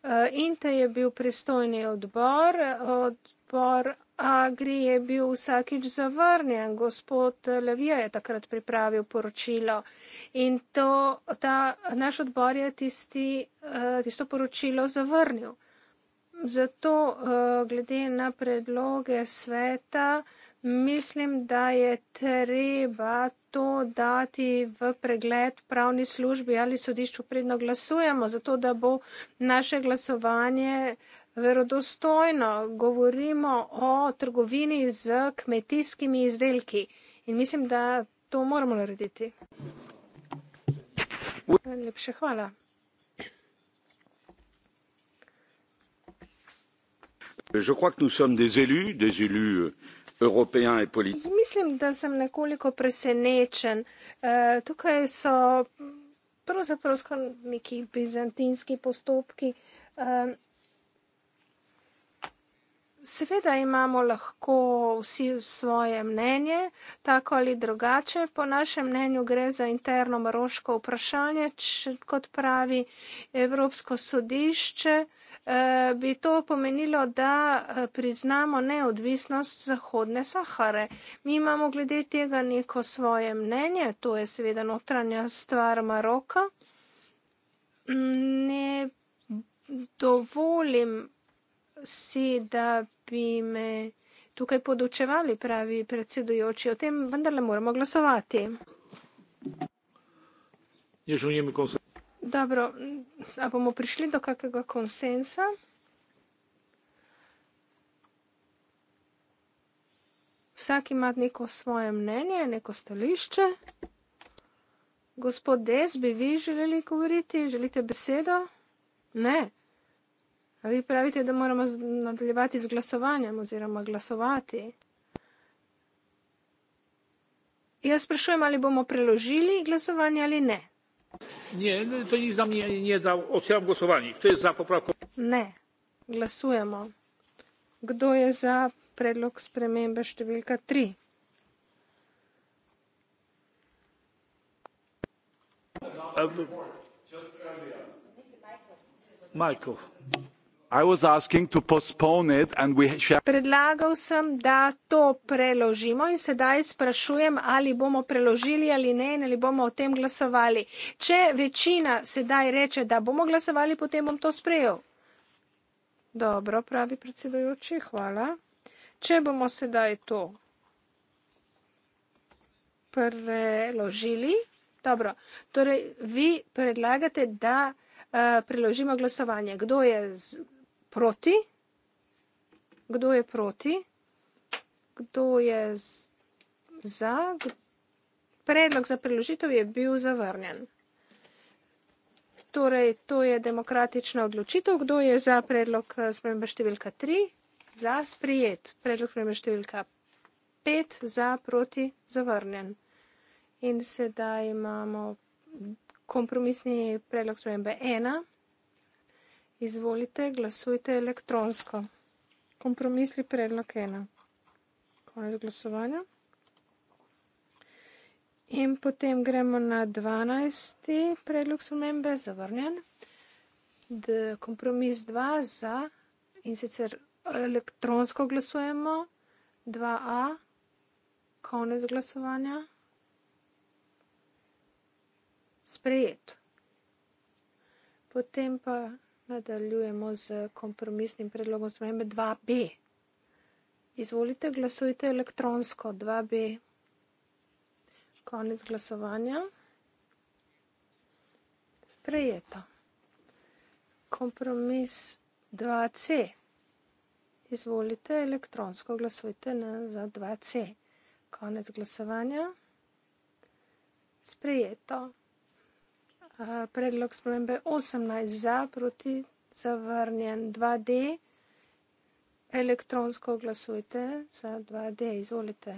e, Inte je bil pristojni odbor, odbor Agri je bil vsakič zavrnjen. Gospod Levija je takrat pripravil poročilo in to, ta, naš odbor je tisti, eh, tisto poročilo zavrnil. Zato, eh, glede na predloge sveta, mislim, da je treba to dati v pregled pravni službi ali sodišču predno glasujemo, zato da bo naše glasovanje uh, verodostojno govorimo o trgovini z kmetijskimi izdelki in mislim, da to moramo narediti. Lepše hvala. Je crois que nous sommes des élus, des élus euh, européens et politiques. Mislim, da sem nekoliko presenečen. Eh, tukaj so pravzaprav skoraj neki bizantinski postopki. Eh, Seveda imamo lahko vsi svoje mnenje, tako ali drugače. Po našem mnenju gre za interno maroško vprašanje, če, kot pravi Evropsko sodišče, eh, bi to pomenilo, da eh, priznamo neodvisnost Zahodne Sahare. Mi imamo glede tega neko svoje mnenje, to je seveda notranja stvar Maroka. Ne dovolim si, da bi me tukaj podučevali, pravi predsedujoči, o tem vendarle moramo glasovati. Dobro, a bomo prišli do kakega konsensa? Vsak ima neko svoje mnenje, neko stališče. Gospod Des, bi vi želeli govoriti? Želite besedo? Ne. Vi pravite, da moramo nadaljevati z glasovanjem oziroma glasovati. Jaz sprašujem, ali bomo preložili glasovanje ali ne. No, ne, to ni za mnie, ne, da odsevam glasovanje. Kdo je za popravko? Ne, glasujemo. Kdo je za predlog spremembe številka 3? Majkov. Uh, Predlagal sem, da to preložimo in sedaj sprašujem, ali bomo preložili ali ne in ali bomo o tem glasovali. Če večina sedaj reče, da bomo glasovali, potem bom to sprejel. Dobro, pravi predsedujoči, hvala. Če bomo sedaj to preložili. Dobro, torej vi predlagate, da uh, preložimo glasovanje. Kdo je proti? Kdo je proti? Kdo je za? Predlog za preložitev je bil zavrnjen. Torej, to je demokratična odločitev. Kdo je za predlog eh, spremembe številka 3? Za sprijet. Predlog spremembe številka 5. Za proti zavrnjen. In sedaj imamo kompromisni predlog spremembe 1. Izvolite, glasujte elektronsko. Kompromisli predlog ena. Konec glasovanja. In potem gremo na 12. predlog spremembe, zavrnjen. D, kompromis 2 za in sicer elektronsko glasujemo, 2a, konec glasovanja. Sprejet. Potem pa Nadaljujemo z kompromisnim predlogom spremembe 2b. Izvolite, glasujte elektronsko 2b. Konec glasovanja. Sprejeto. Kompromis 2c. Izvolite elektronsko glasujte na, za 2c. Konec glasovanja. Sprejeto. Eh, predlog spremembe 18 za, proti zavrnjen 2D. Elektronsko glasujte za 2D, izvolite.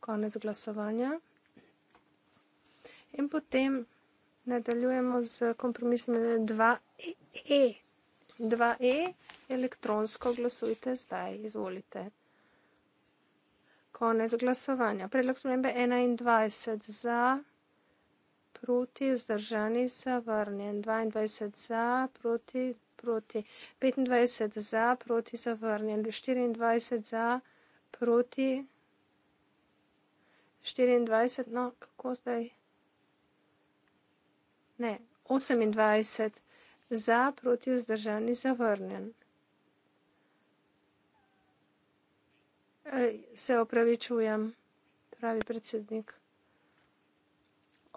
Konec glasovanja. In potem nadaljujemo z kompromisom 2E. 2E, e. elektronsko glasujte zdaj, izvolite. Konec glasovanja. Predlog spremembe 21 za proti, vzdržani, zavrnjen. 22 za, proti, proti. 25 za, proti, zavrnjen. 24 za, proti. 24, no, kako zdaj? Ne, 28 za, proti, vzdržani, zavrnjen. Se opravičujem, pravi predsednik.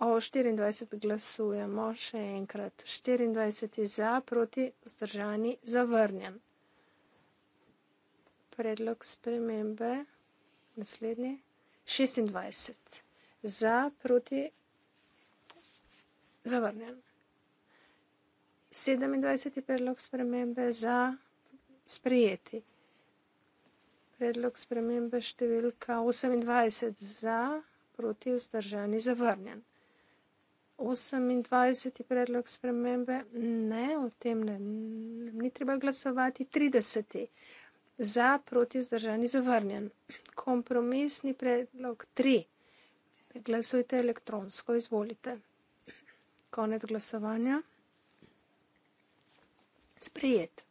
O 24 glasujemo še enkrat. 24 je za, proti vzdržani, zavrnjen. Predlog spremembe naslednji. 26 za, proti zavrnjen. 27 je predlog spremembe za sprijeti. Predlog spremembe številka 28 za, proti vzdržani, zavrnjen. 28. predlog spremembe, ne, o tem ne, ni treba glasovati. 30. za, proti, zdržani, zavrnjen. Kompromisni predlog 3. Glasujte elektronsko, izvolite. Konec glasovanja. Sprijet.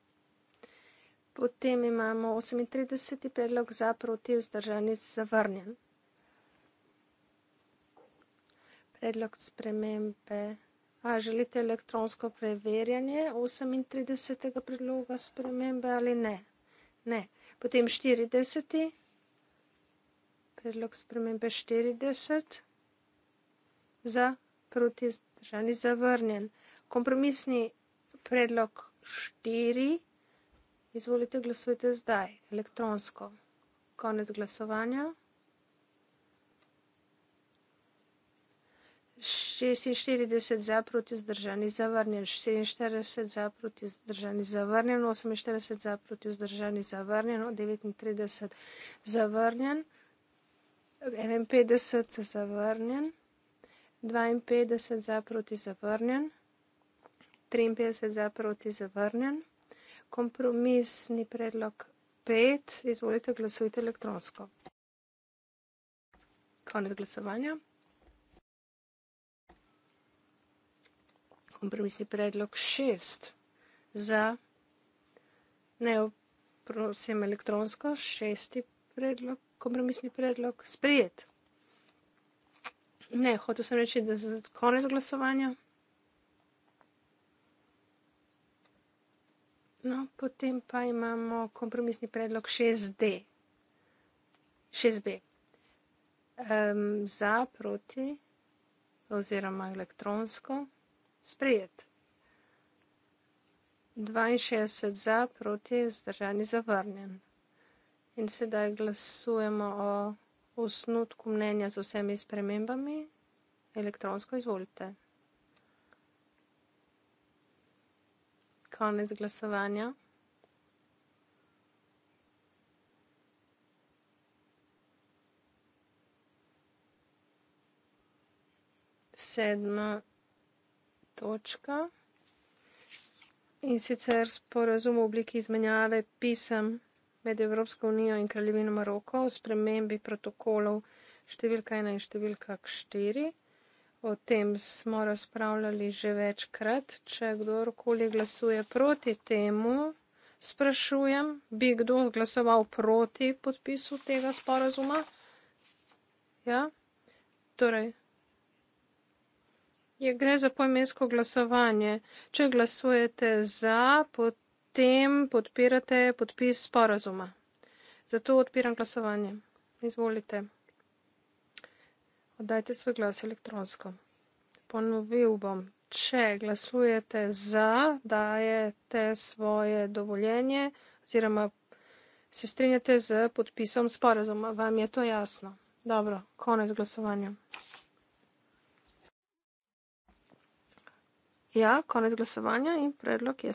Potem imamo 38. predlog za, proti, vzdržani, zavrnjen. predlog spremembe. A želite elektronsko preverjanje 38. predloga spremembe ali ne? Ne. Potem 40. predlog spremembe 40. Za proti zdržani zavrnjen. Kompromisni predlog 4. Izvolite, glasujte zdaj elektronsko. Konec glasovanja. 46 za, proti vzdržani, zavrnjen, 47 za, proti vzdržani, zavrnjen, 48 za, proti vzdržani, zavrnjen, 39 zavrnjen, 51 zavrnjen, 52 za, proti zavrnjen, 53 za, proti zavrnjen, kompromisni predlog 5, izvolite, glasujte elektronsko. Konec glasovanja. kompromisni predlog šest za, ne prosim elektronsko, šesti predlog, kompromisni predlog sprijet. Ne, hotel sem reči, da za konec glasovanja. No, potem pa imamo kompromisni predlog 6D. 6B. Um, za, proti oziroma elektronsko sprejet. Dvainšestdeset za, proti, zdržani zavrnjen. In sedaj glasujemo o osnutku mnenja z vsemi spremembami. Elektronsko izvolite. Konec glasovanja. Sedma točka in sicer sporazum v obliki izmenjave pisem med Evropsko unijo in Kraljevino Maroko o spremembi protokolov številka ena in številka štiri. O tem smo razpravljali že večkrat. Če kdorkoli glasuje proti temu, sprašujem, bi kdo glasoval proti podpisu tega sporazuma? Ja, torej. Je, gre za poimensko glasovanje. Če glasujete za, potem podpirate podpis sporazuma. Zato odpiram glasovanje. Izvolite. Oddajte svoj glas elektronsko. Ponovil bom. Če glasujete za, dajete svoje dovoljenje oziroma se strinjate z podpisom sporazuma. Vam je to jasno? Dobro, konec glasovanja. Ja, konec glasovanja in predlog je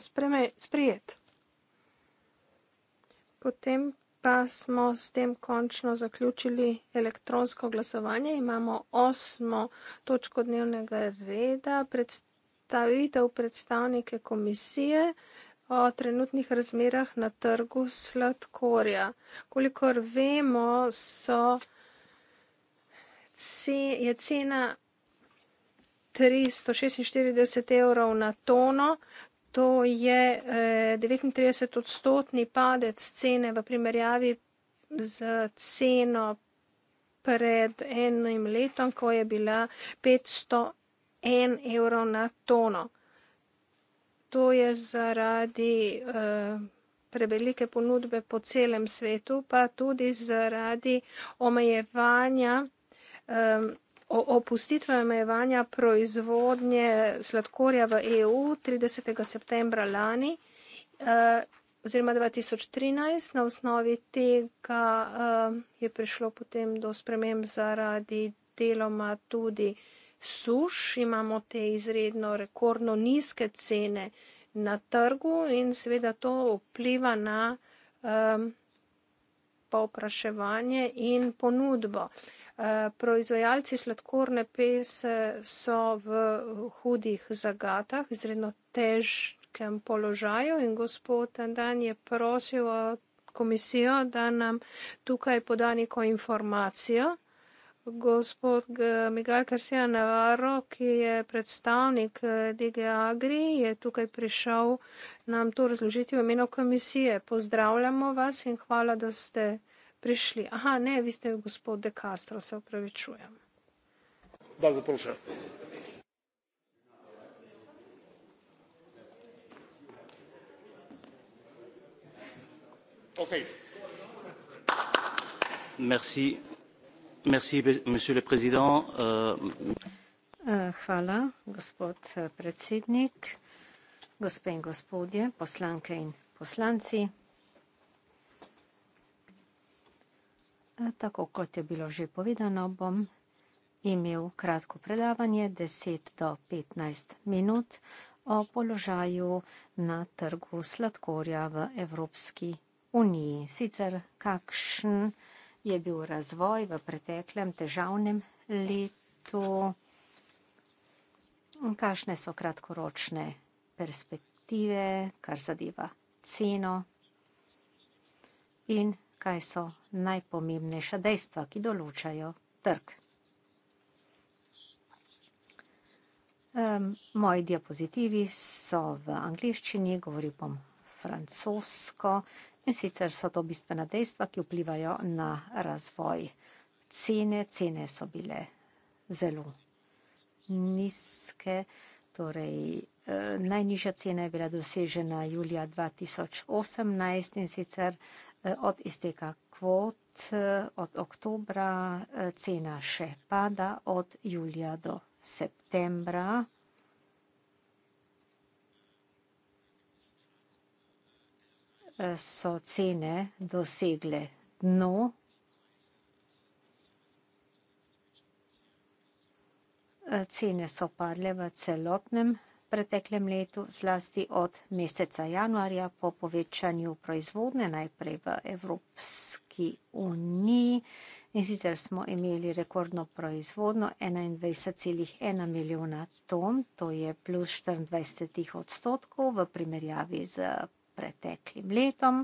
sprejet. Potem pa smo s tem končno zaključili elektronsko glasovanje. Imamo osmo točko dnevnega reda, predstavitev predstavnike komisije o trenutnih razmerah na trgu sladkorja. Kolikor vemo, so, je cena 346 evrov na tono. To je 39 eh, odstotni padec cene v primerjavi z ceno pred enim letom, ko je bila 501 evrov na tono. To je zaradi eh, prevelike ponudbe po celem svetu, pa tudi zaradi omejevanja. Eh, o opustitvi omejevanja proizvodnje sladkorja v EU 30. septembra lani eh, oziroma 2013. Na osnovi tega eh, je prišlo potem do sprememb zaradi deloma tudi suš. Imamo te izredno rekordno nizke cene na trgu in seveda to vpliva na. Eh, povpraševanje in ponudbo. Eh, proizvajalci sladkorne pese so v hudih zagatah, izredno težkem položaju in gospod Andan je prosil komisijo, da nam tukaj poda neko informacijo. Gospod eh, Miguel Garcia Navarro, ki je predstavnik eh, DG Agri, je tukaj prišel nam to razložiti v imenu komisije. Pozdravljamo vas in hvala, da ste prišli. Aha, ne, vi ste gospod De Castro, se upravičujem. Da, zaprošam. Ok. Merci. Merci, monsieur le président. Euh, eh, hvala, gospod eh, predsednik, gospe in gospodje, poslanke in poslanci. Tako kot je bilo že povedano, bom imel kratko predavanje, 10 do 15 minut, o položaju na trgu sladkorja v Evropski uniji. Sicer kakšen je bil razvoj v preteklem težavnem letu, kakšne so kratkoročne perspektive, kar zadeva ceno in kaj so najpomembnejša dejstva, ki določajo trg. Moji diapozitivi so v angliščini, govoril bom francosko in sicer so to bistvena dejstva, ki vplivajo na razvoj cene. Cene so bile zelo nizke, torej e, najnižja cena je bila dosežena julija 2018 in sicer Eh, od izteka kvot eh, od oktobra eh, cena še pada od julija do septembra. so cene dosegle dno. Cene so padle v celotnem preteklem letu, zlasti od meseca januarja, po povečanju proizvodne najprej v Evropski uniji. In sicer smo imeli rekordno proizvodno 21,1 milijona ton, to je plus 24 odstotkov v primerjavi z preteklim letom.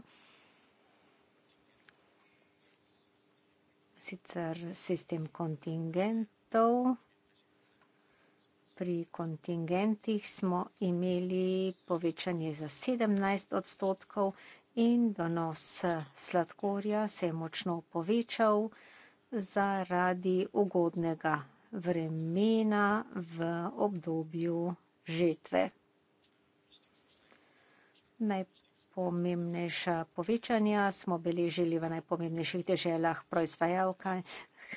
Sicer sistem kontingentov Pri kontingentih smo imeli povečanje za 17 odstotkov in donos sladkorja se je močno povečal zaradi ugodnega vremena v obdobju žetve. Najpomembnejša povečanja smo beležili v najpomembnejših deželah proizvajalka,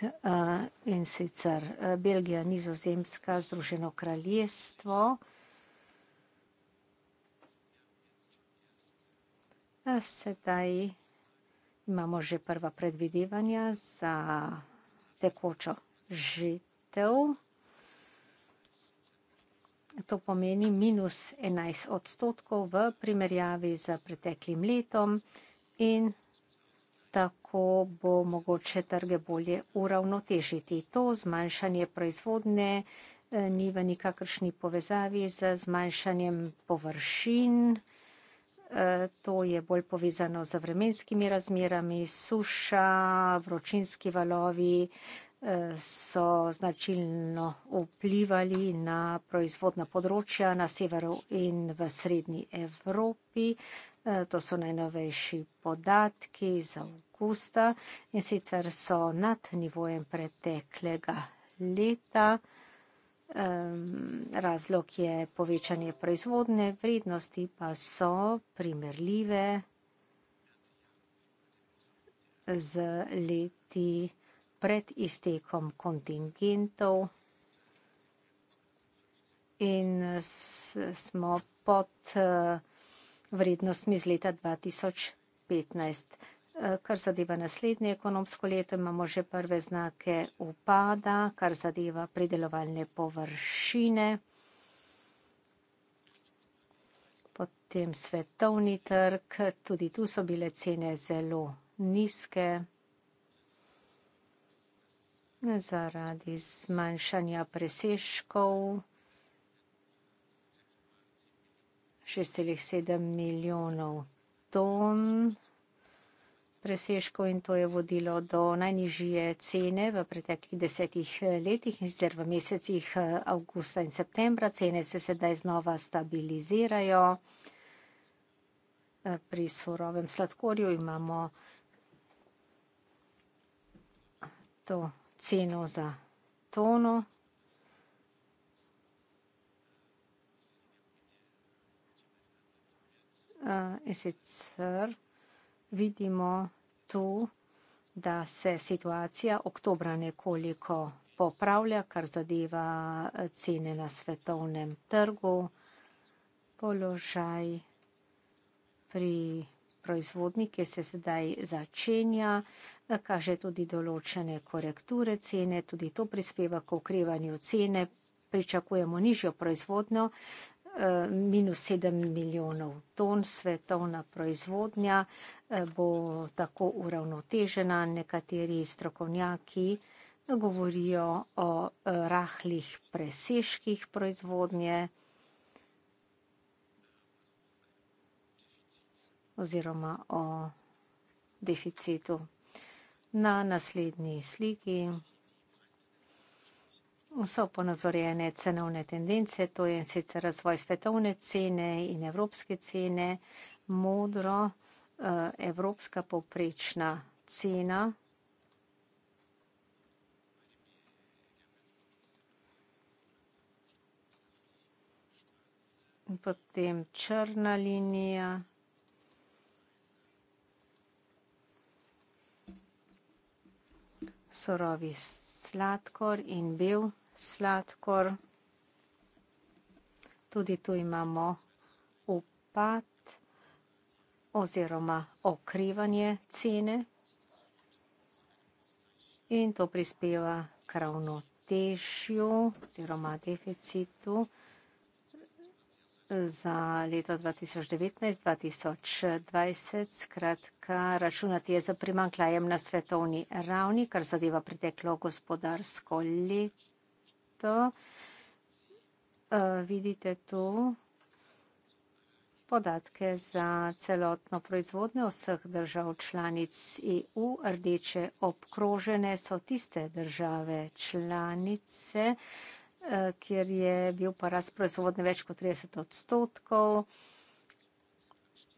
Eh, in sicer eh, Belgija, Nizozemska, Združeno kraljestvo. Sedaj imamo že prva predvidevanja za tekočo žitev. To pomeni minus 11 odstotkov v primerjavi z preteklim letom in tako bo mogoče trge bolje uravnotežiti. To zmanjšanje proizvodne eh, ni v nikakršni povezavi z zmanjšanjem površin. Eh, to je bolj povezano z vremenskimi razmerami. Suša, vročinski valovi eh, so značilno vplivali na proizvodna področja na severu in v srednji Evropi. To so najnovejši podatki za avgusta in sicer so nad nivojem preteklega leta. Razlog je povečanje proizvodne vrednosti, pa so primerljive z leti pred iztekom kontingentov in smo pod eh, vrednostmi z leta 2015. Eh, kar zadeva naslednje ekonomsko leto, imamo že prve znake upada, kar zadeva pridelovalne površine. Potem svetovni trg, tudi tu so bile cene zelo nizke zaradi zmanjšanja presežkov. 6,7 milijonov ton presežkov in to je vodilo do najnižje cene v preteklih desetih letih in sicer v mesecih eh, avgusta in septembra. Cene se sedaj znova stabilizirajo. Eh, pri surovem sladkorju imamo to ceno za tono. Eh, in sicer vidimo, to, da se situacija oktobra nekoliko popravlja, kar zadeva eh, cene na svetovnem trgu, položaj pri proizvodni, ki se sedaj začenja, eh, kaže tudi določene korekture cene, tudi to prispeva k okrevanju cene, pričakujemo nižjo proizvodno, minus 7 milijonov ton svetovna proizvodnja eh, bo tako uravnotežena. Nekateri strokovnjaki govorijo o eh, rahlih presežkih proizvodnje oziroma o deficitu. Na naslednji sliki so ponazorjene cenovne tendence, to je sicer razvoj svetovne cene in evropske cene, modro eh, evropska poprečna cena. Potem črna linija. Surovi sladkor in bel sladkor. Tudi tu imamo upad oziroma okrivanje cene in to prispeva k ravnotežju oziroma deficitu za leto 2019-2020. Skratka, računati je za primankljajem na svetovni ravni, kar zadeva preteklo gospodarsko leto leto eh, vidite tu podatke za celotno proizvodnjo vseh držav članic EU. Rdeče obkrožene so tiste države članice, eh, kjer je bil pa rast proizvodnje več kot 30 odstotkov.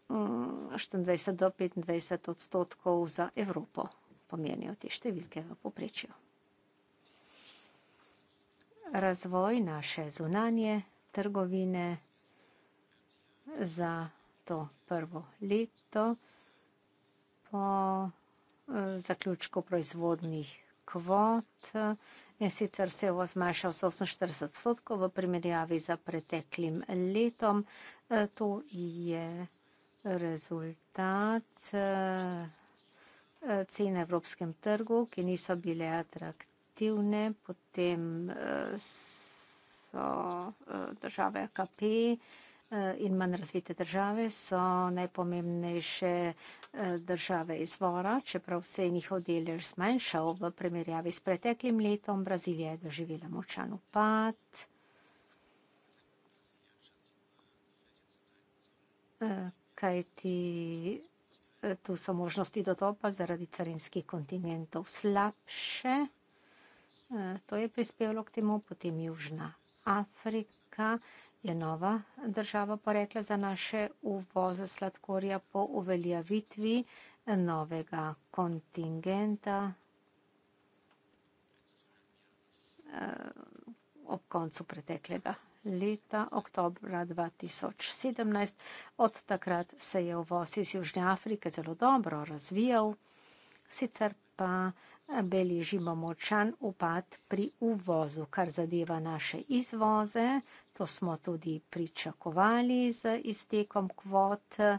24 mm, do 25 odstotkov za Evropo pomenijo te številke v poprečju razvoj naše zunanje trgovine za to prvo leto po eh, zaključku proizvodnih kvot. In sicer se je zmanjšal za 48 odstotkov v primerjavi s preteklim letom. Eh, to je rezultat eh, cen na evropskem trgu, ki niso bile atraktivne aktivne, potem eh, so eh, države AKP eh, in manj razvite države, so najpomembnejše države izvora, čeprav se je njihov delež zmanjšal v primerjavi s preteklim letom. Brazilija je doživela močan upad. Kajti tu so možnosti dotopa zaradi carinskih kontinentov slabše. Eh, to je prispevalo k temu, potem Južna Afrika je nova država porekla za naše uvoze sladkorja po uveljavitvi eh, novega kontingenta eh, ob koncu preteklega leta, oktobra 2017. Od takrat se je uvoz iz Južne Afrike zelo dobro razvijal sicer pa eh, beležimo močan upad pri uvozu, kar zadeva naše izvoze. To smo tudi pričakovali z iztekom kvot eh,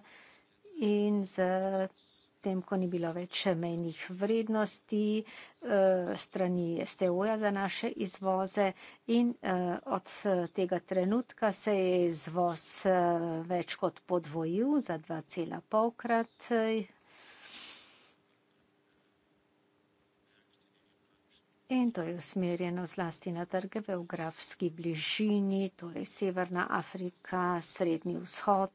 in z tem, ko ni bilo več menjih vrednosti eh, strani STO-ja za naše izvoze in od tega trenutka se je izvoz več kot podvojil za 2,5 krat In to je usmerjeno zlasti na trge v geografski bližini, torej Severna Afrika, Srednji vzhod.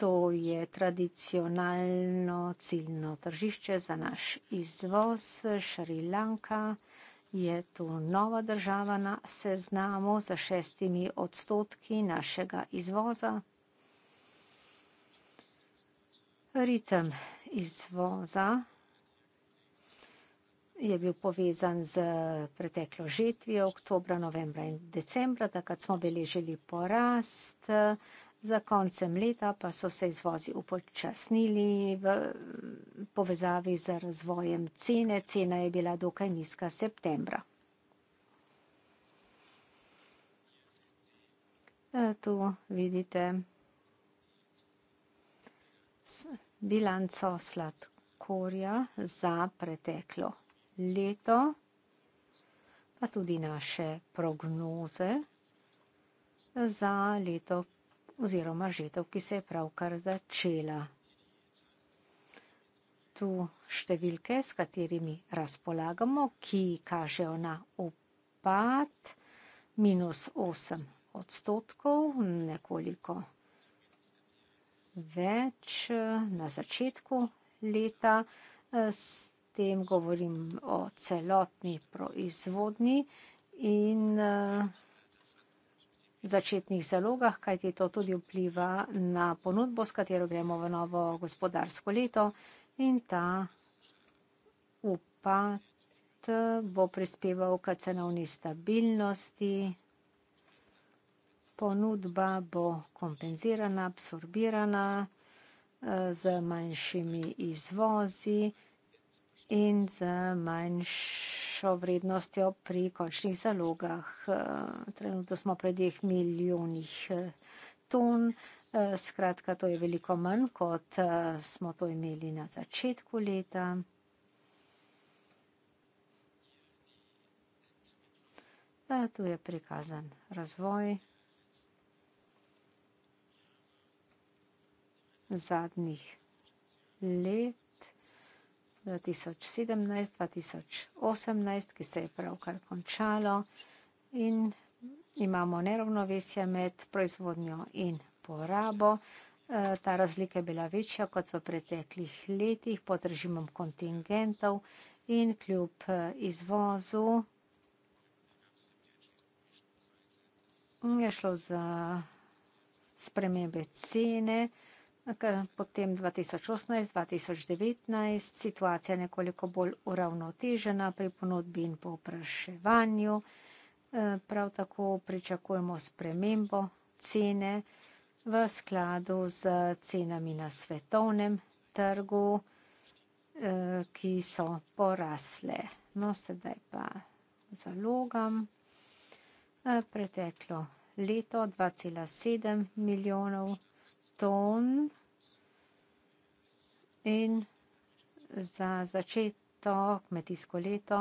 To je tradicionalno ciljno tržišče za naš izvoz. Šrilanka je tu nova država na seznamu za šestimi odstotki našega izvoza. Ritem izvoza je bil povezan z preteklo žetvijo oktobra, novembra in decembra, takrat smo beležili porast, za koncem leta pa so se izvozi upočasnili v povezavi z razvojem cene. Cena je bila dokaj nizka septembra. E, tu vidite bilanco sladkorja za preteklo leto, pa tudi naše prognoze za leto oziroma žetev, ki se je pravkar začela. Tu številke, s katerimi razpolagamo, ki kažejo na upad minus 8 odstotkov, nekoliko več na začetku leta tem govorim o celotni proizvodni in eh, začetnih zalogah, kajti to tudi vpliva na ponudbo, s katero gremo v novo gospodarsko leto in ta upad eh, bo prispeval k cenovni stabilnosti. Ponudba bo kompenzirana, absorbirana eh, z manjšimi izvozi in z manjšo vrednostjo pri končnih zalogah. Eh, trenutno smo pri 2 milijonih eh, ton, eh, skratka, to je veliko manj, kot smo to imeli na začetku leta. Tu je prikazan razvoj. Zadnjih let. 2017-2018, ki se je pravkar končalo in imamo neravnovesje med proizvodnjo in porabo. E, ta razlika je bila večja kot v preteklih letih pod režimom kontingentov in kljub e, izvozu je šlo za spremembe cene potem 2018-2019 situacija nekoliko bolj uravnotežena pri ponudbi in popraševanju. E, prav tako pričakujemo spremembo cene v skladu z cenami na svetovnem trgu, e, ki so porasle. No, sedaj pa zalogam. E, preteklo leto 2,7 milijonov ton in za začeto kmetijsko leto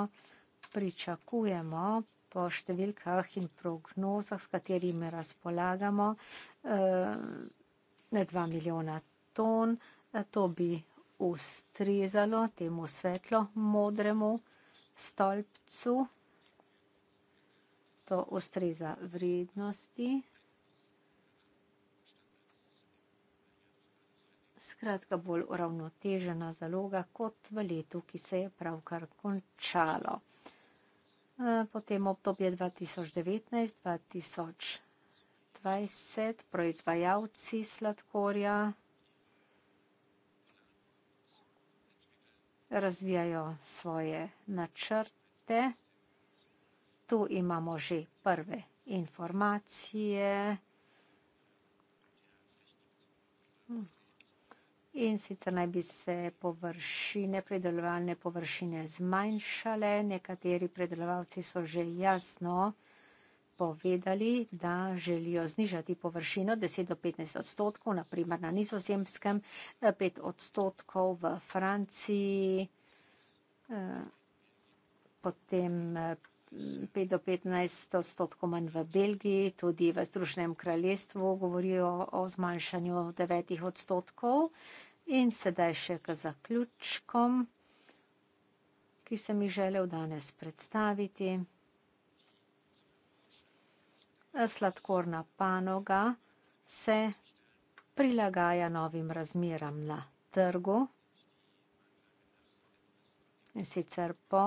pričakujemo po številkah in prognozah, s katerimi razpolagamo, ne eh, dva milijona ton, to bi ustrezalo temu svetlo modremu stolpcu. To ustreza vrednosti. skratka bolj uravnotežena zaloga kot v letu, ki se je pravkar končalo. E, potem obdobje 2019-2020, proizvajalci sladkorja razvijajo svoje načrte. Tu imamo že prve informacije in sicer naj bi se površine, predelovalne površine zmanjšale. Nekateri predelovalci so že jasno povedali, da želijo znižati površino 10 do 15 odstotkov, naprimer na nizozemskem, 5 odstotkov v Franciji, eh, potem eh, 5 do 15 odstotkov manj v Belgiji, tudi v Združenem kraljestvu govorijo o zmanjšanju 9 odstotkov. In sedaj še k zaključkom, ki sem jih želel danes predstaviti. Sladkorna panoga se prilagaja novim razmeram na trgu in sicer po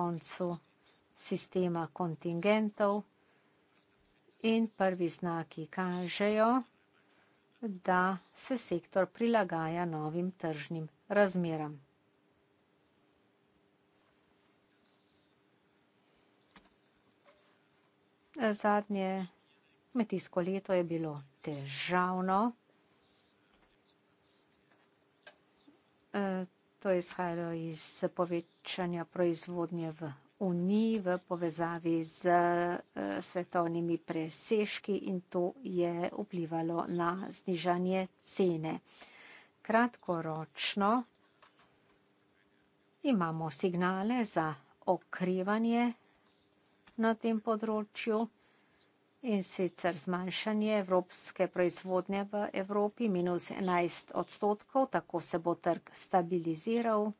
koncu sistema kontingentov in prvi znaki kažejo, da se sektor prilagaja novim tržnim razmeram. Zadnje kmetijsko leto je bilo težavno. Eh, to je izhajalo iz povečanja proizvodnje v uniji v povezavi z eh, svetovnimi presežki in to je vplivalo na znižanje cene. Kratkoročno imamo signale za okrevanje na tem področju in sicer zmanjšanje evropske proizvodnje v Evropi minus 11 odstotkov, tako se bo trg stabiliziral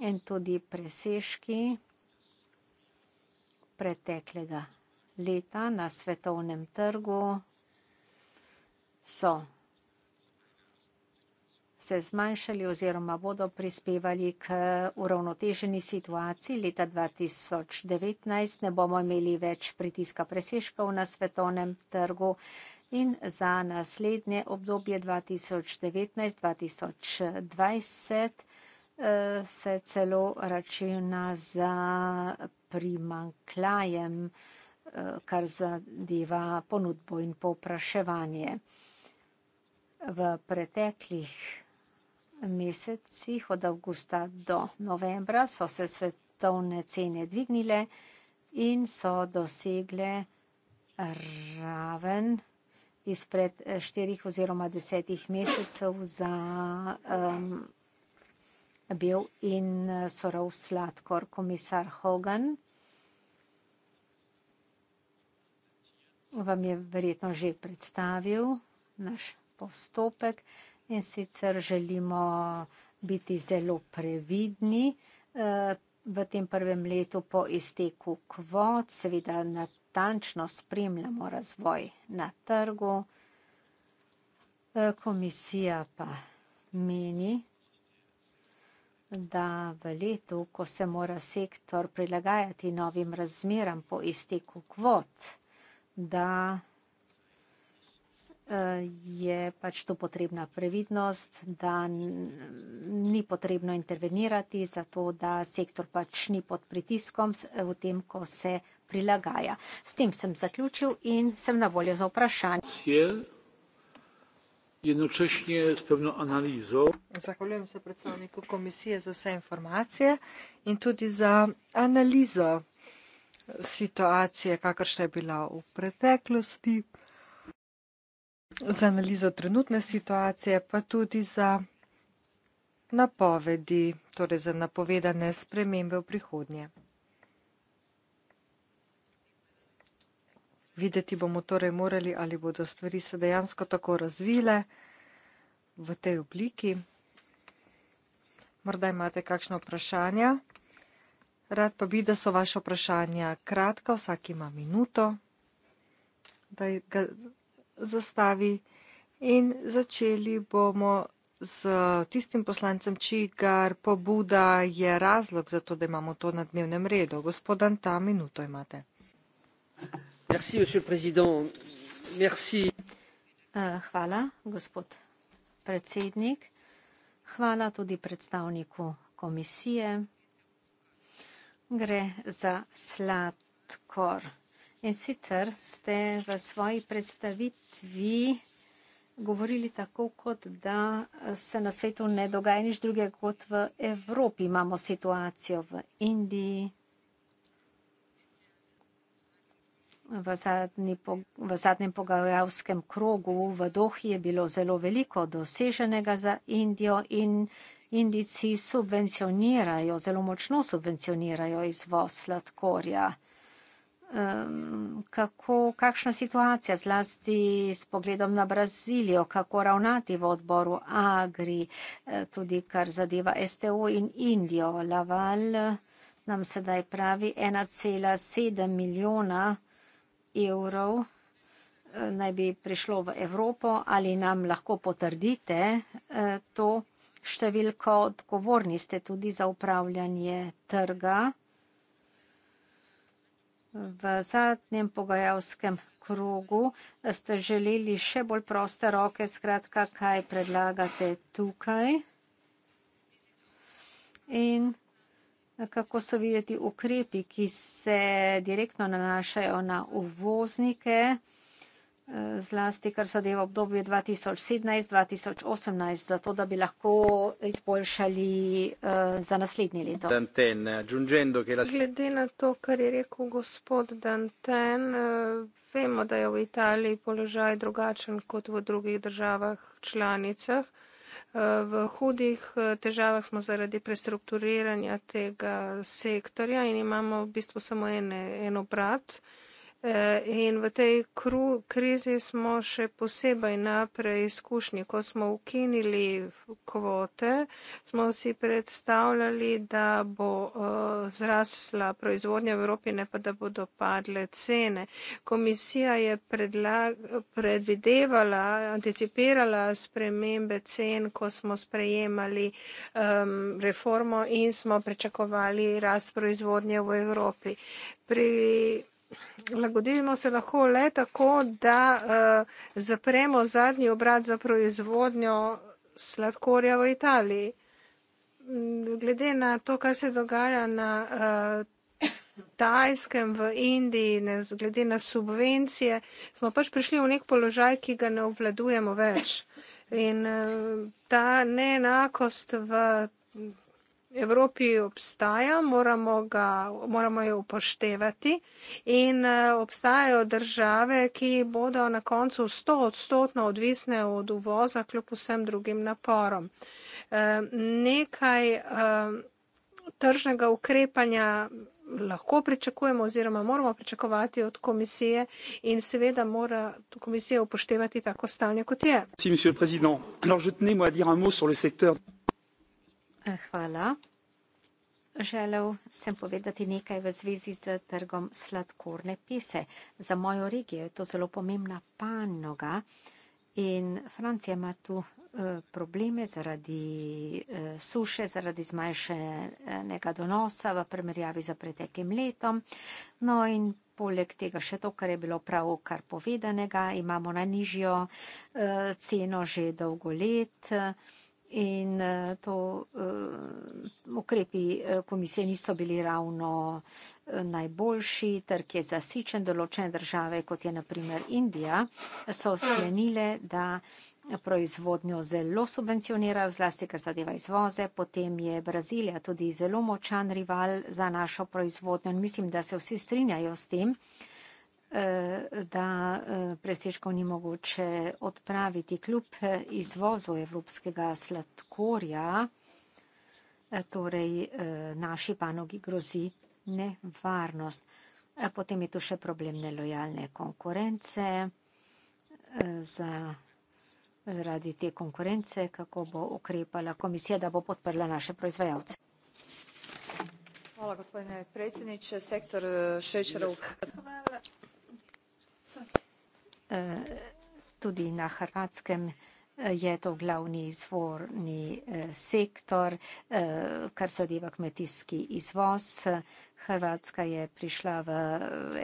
in tudi presežki preteklega leta na svetovnem trgu so se zmanjšali oziroma bodo prispevali k uravnoteženi situaciji. Leta 2019 ne bomo imeli več pritiska presežkov na svetovnem trgu in za naslednje obdobje 2019-2020 se celo računa za primanklajem, eh, kar zadeva ponudbo in popraševanje. V preteklih mesecih, od avgusta do novembra, so se svetovne cene dvignile in so dosegle raven izpred štirih oziroma desetih mesecev za. Um, bil in eh, sorov sladkor. Komisar Hogan, vam je verjetno že predstavil naš postopek in sicer želimo biti zelo previdni eh, v tem prvem letu po izteku kvot, seveda natančno spremljamo razvoj na trgu. Eh, komisija pa meni, da v letu, ko se mora sektor prilagajati novim razmeram po izteku kvot, da eh, je pač to potrebna previdnost, da ni potrebno intervenirati, zato da sektor pač ni pod pritiskom v tem, ko se prilagaja. S tem sem zaključil in sem na voljo za vprašanje jednocześnie z pewną analizą. Zachwalam się przedstawiciel komisji za wszystkie informacje i tudi za analizę sytuacji, jaka je była w przeszłości, za analizę trenutnej sytuacji, pa tudi za napovedi, torej za napovedane spremembe v prihodnje. Videti bomo torej morali, ali bodo stvari se dejansko tako razvile v tej obliki. Morda imate kakšno vprašanje. Rad pa bi, da so vaše vprašanja kratka, vsak ima minuto, da ga zastavi. In začeli bomo z tistim poslancem, čigar pobuda je razlog za to, da imamo to na dnevnem redu. Gospod Anta, minuto imate monsieur le président merci eh, hvala gospod predsednik hvala tudi predstavniku komisije gre za sladkor in sicer ste v svoji predstavitvi govorili tako kot da se na svetu ne dogaja nič drugega kot v evropi imamo situacijo v indiji v, zadnji, v zadnjem pogajalskem krogu v Dohi je bilo zelo veliko doseženega za Indijo in Indici subvencionirajo, zelo močno subvencionirajo izvoz sladkorja. Kako, kakšna situacija zlasti s pogledom na Brazilijo, kako ravnati v odboru Agri, eh, tudi kar zadeva STO in Indijo. Laval eh, nam sedaj pravi 1,7 milijona evrov eh, naj bi prišlo v Evropo. Ali nam lahko potrdite eh, to številko? Odgovorni ste tudi za upravljanje trga. V zadnjem pogajalskem krogu eh, ste želeli še bolj proste roke, skratka, kaj predlagate tukaj. In kako so videti ukrepi, ki se direktno nanašajo na uvoznike, eh, zlasti kar zadeva obdobje 2017-2018, zato da bi lahko izboljšali eh, za naslednje leto. Glede na to, kar je rekel gospod Danten, eh, vemo, da je v Italiji položaj drugačen kot v drugih državah članicah. Eh, v hudih eh, težavah smo zaradi prestrukturiranja tega sektorja in imamo v bistvu samo en obrat. Eh, in v tej kru, krizi smo še posebej na preizkušnji, ko smo ukinili kvote, smo si predstavljali, da bo uh, zrasla proizvodnja v Evropi, ne pa da bodo padle cene. Komisija je predlag, predvidevala, anticipirala spremembe cen, ko smo sprejemali um, reformo in smo prečakovali rast proizvodnje v Evropi. Pri Lagodimo se lahko le tako, da uh, zapremo zadnji obrat za proizvodnjo sladkorja v Italiji. Mm, glede na to, kar se dogaja na uh, Tajskem, v Indiji, ne, glede na subvencije, smo pač prišli v nek položaj, ki ga ne obvladujemo več. In uh, ta neenakost v Evropi obstaja, moramo, ga, moramo jo upoštevati in eh, obstajajo države, ki bodo na koncu 100 odstotno odvisne od uvoza, kljub vsem drugim naporom. Eh, nekaj eh, tržnega ukrepanja lahko pričakujemo oziroma moramo pričakovati od komisije in seveda mora komisija upoštevati tako stanje, kot je. Merci, Eh, hvala. Želel sem povedati nekaj v zvezi z trgom sladkorne pise. Za mojo regijo je to zelo pomembna panoga in Francija ima tu eh, probleme zaradi eh, suše, zaradi zmanjšenega donosa v primerjavi za preteklim letom. No in poleg tega še to, kar je bilo prav kar povedanega, imamo najnižjo ceno že dolgo let in eh, to eh, ukrepi eh, komisije niso bili ravno najboljši, trg je zasičen, določene države, kot je naprimer Indija, so sklenile, da proizvodnjo zelo subvencionirajo, zlasti kar zadeva izvoze, potem je Brazilija tudi zelo močan rival za našo proizvodnjo in mislim, da se vsi strinjajo s tem, Eh, da eh, presežkov ni mogoče odpraviti. Kljub eh, izvozu evropskega sladkorja, torej naši panogi grozi nevarnost. Potem je tu še problem nelojalne konkurence. Za, zaradi te konkurence, kako bo ukrepala komisija, da bo podprla naše proizvajalce. Hvala, gospodine predsjedniče. Sektor šečera u Hrvatskoj. Eh, tudi na Hrvatskem eh, je to glavni izvorni eh, sektor, kar zadeva kmetijski izvoz. Hrvatska je prišla v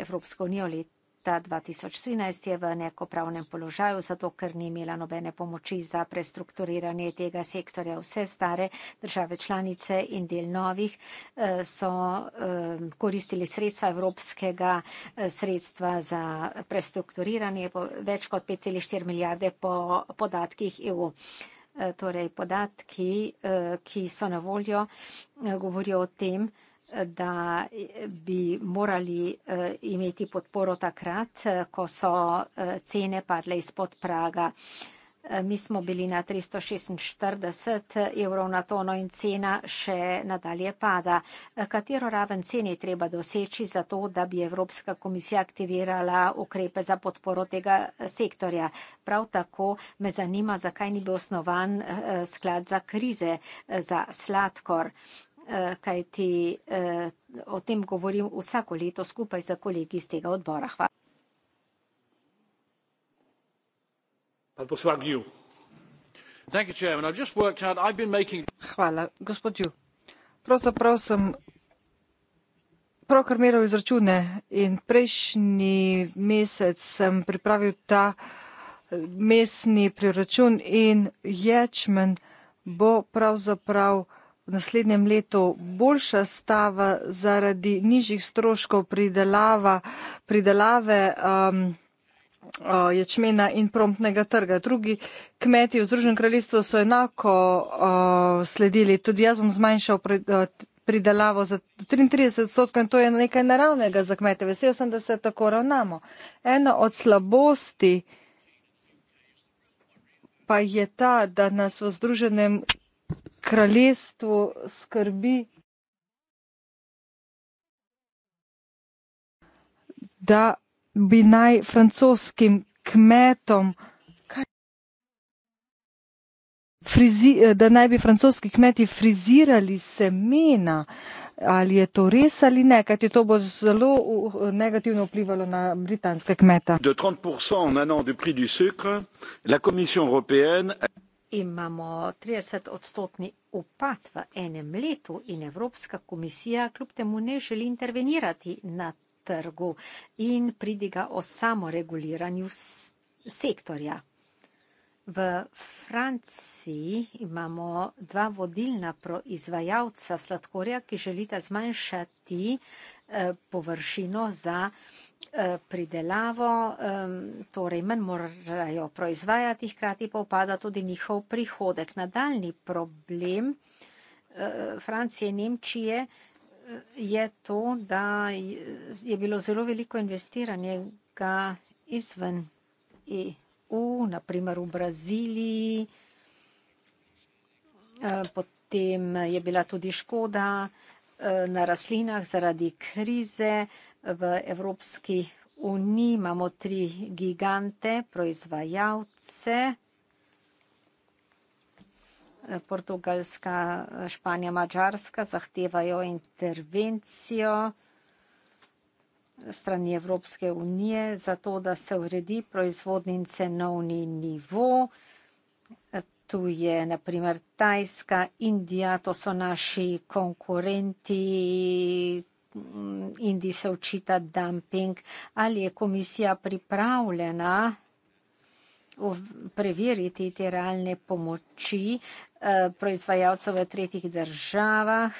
Evropsko unijo leta leta 2013 je v nekopravnem položaju, zato ker ni imela nobene pomoči za prestrukturiranje tega sektorja. Vse stare države članice in del novih eh, so eh, koristili sredstva evropskega eh, sredstva za prestrukturiranje več kot 5,4 milijarde po podatkih EU. Torej podatki, ki so na voljo, govorijo o tem, da da bi morali eh, imeti podporo takrat, eh, ko so eh, cene padle izpod praga. Mi smo bili na 346 evrov na tono in cena še nadalje pada. Katero raven ceni treba doseči za to, da bi Evropska komisija aktivirala ukrepe za podporo tega sektorja? Prav tako me zanima, zakaj ni bil osnovan sklad za krize, za sladkor. Eh, kajti eh, o tem govorim vsako leto skupaj z kolegi iz tega odbora. Hvala. Hvala. Gospod Yu, pravzaprav sem pravkar imel izračune in prejšnji mesec sem pripravil ta eh, mesni priračun in ječmen bo pravzaprav v naslednjem letu boljša stava zaradi nižjih stroškov pridelava, pridelave um, uh, ječmena in promptnega trga. Drugi kmeti v Združenem kraljestvu so enako uh, sledili. Tudi jaz bom zmanjšal uh, pridelavo za 33 odstotkov in to je nekaj naravnega za kmete. Vesel sem, da se tako ravnamo. Ena od slabosti pa je ta, da nas v Združenem kraljestvu skrbi, da bi naj francoskim kmetom, kaj, frizi, da naj bi francoski kmeti frizirali semena. Ali je to res ali ne, kaj ti to bo zelo negativno vplivalo na britanske kmete? imamo 30-odstotni upad v enem letu in Evropska komisija kljub temu ne želi intervenirati na trgu in pridiga o samoreguliranju sektorja. V Franciji imamo dva vodilna proizvajalca sladkorja, ki želita zmanjšati eh, površino za Eh, pridelavo, torej manj morajo proizvajati, hkrati pa upada tudi njihov prihodek. Nadaljni problem eh, Francije in Nemčije eh, je to, da je bilo zelo veliko investiranja izven EU, naprimer v Braziliji, potem je bila tudi škoda na raslinah zaradi krize, v Evropski uniji imamo tri gigante, proizvajalce, Portugalska, Španija, Mačarska zahtevajo intervencijo strani Evropske unije za to, da se uredi proizvodni in cenovni nivo. Tu je naprimer Tajska, Indija, to so naši konkurenti, Mm, Indiji se očita dumping. Ali je komisija pripravljena preveriti te realne pomoči eh, proizvajalcev v tretjih državah?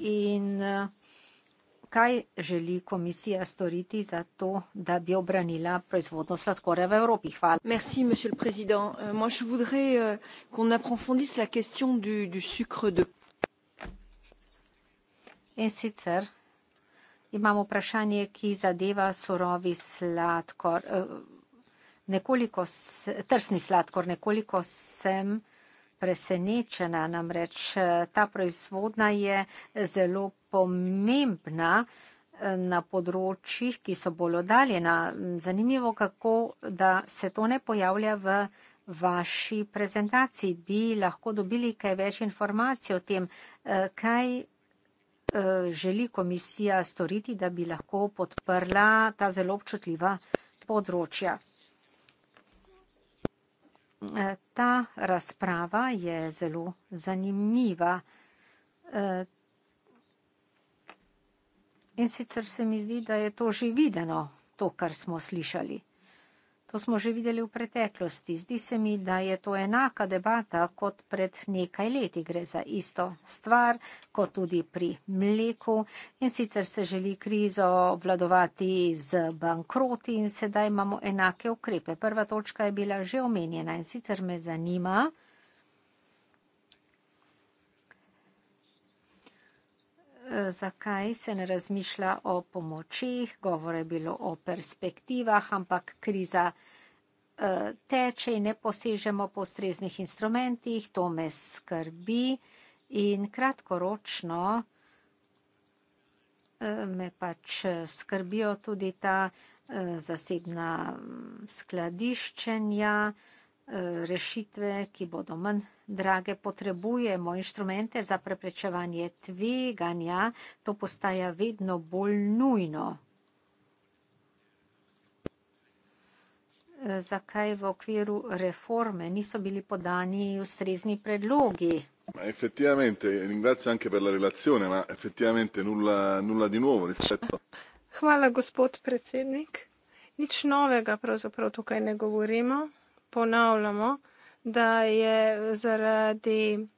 In eh, kaj želi komisija storiti za to, da bi obranila proizvodno sladkorja v Evropi? Hvala. Merci, monsieur le président. Euh, moi, je voudrais euh, qu'on approfondisse la question du, du sucre de In sicer imam vprašanje, ki zadeva surovi sladkor, eh, nekoliko, trsni sladkor. Nekoliko sem presenečena, namreč eh, ta proizvodna je zelo pomembna eh, na področjih, ki so bolj oddaljena. Zanimivo, kako da se to ne pojavlja v vaši prezentaciji. Bi lahko dobili kaj več informacij o tem, kaj Eh, želi komisija storiti, da bi lahko podprla ta zelo občutljiva področja. Eh, ta razprava je zelo zanimiva. Eh, in sicer se mi zdi, da je to že videno, to, kar smo slišali. To smo že videli v preteklosti. Zdi se mi, da je to enaka debata kot pred nekaj leti. Gre za isto stvar kot tudi pri mleku in sicer se želi krizo obvladovati z bankroti in sedaj imamo enake ukrepe. Prva točka je bila že omenjena in sicer me zanima, zakaj se ne razmišlja o pomočih, govore je bilo o perspektivah, ampak kriza eh, teče in ne posežemo po ustreznih instrumentih, to me skrbi in kratkoročno eh, me pač eh, skrbijo tudi ta zasebna mm, skladiščenja rešitve, ki bodo manj drage, potrebujemo inštrumente za preprečevanje tveganja, to postaja vedno bolj nujno. E, zakaj v okviru reforme niso bili podani ustrezni predlogi? Ma effettivamente, e, ringrazio anche per la relazione, ma effettivamente nulla, nulla di nuovo rispetto. Hvala, gospod predsednik. Nič novega pravzaprav tukaj ne govorimo ponavljamo, da je zaradi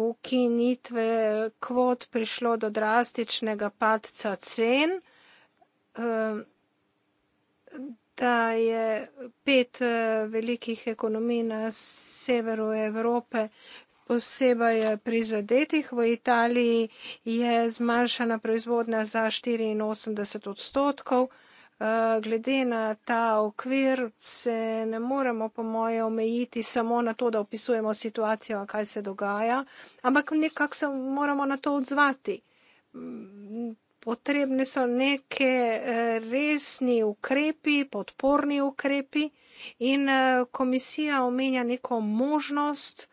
ukinitve kvot prišlo do drastičnega padca cen, eh, da je pet eh, velikih ekonomij na severu Evrope posebej prizadetih. V Italiji je zmanjšana proizvodnja za 84 odstotkov, Eh, glede na ta okvir se ne moremo, po moje, omejiti samo na to, da opisujemo situacijo, kaj se dogaja, ampak nekako se moramo na to odzvati. Mm, Potrebni so neke eh, resni ukrepi, podporni ukrepi in eh, komisija omenja neko možnost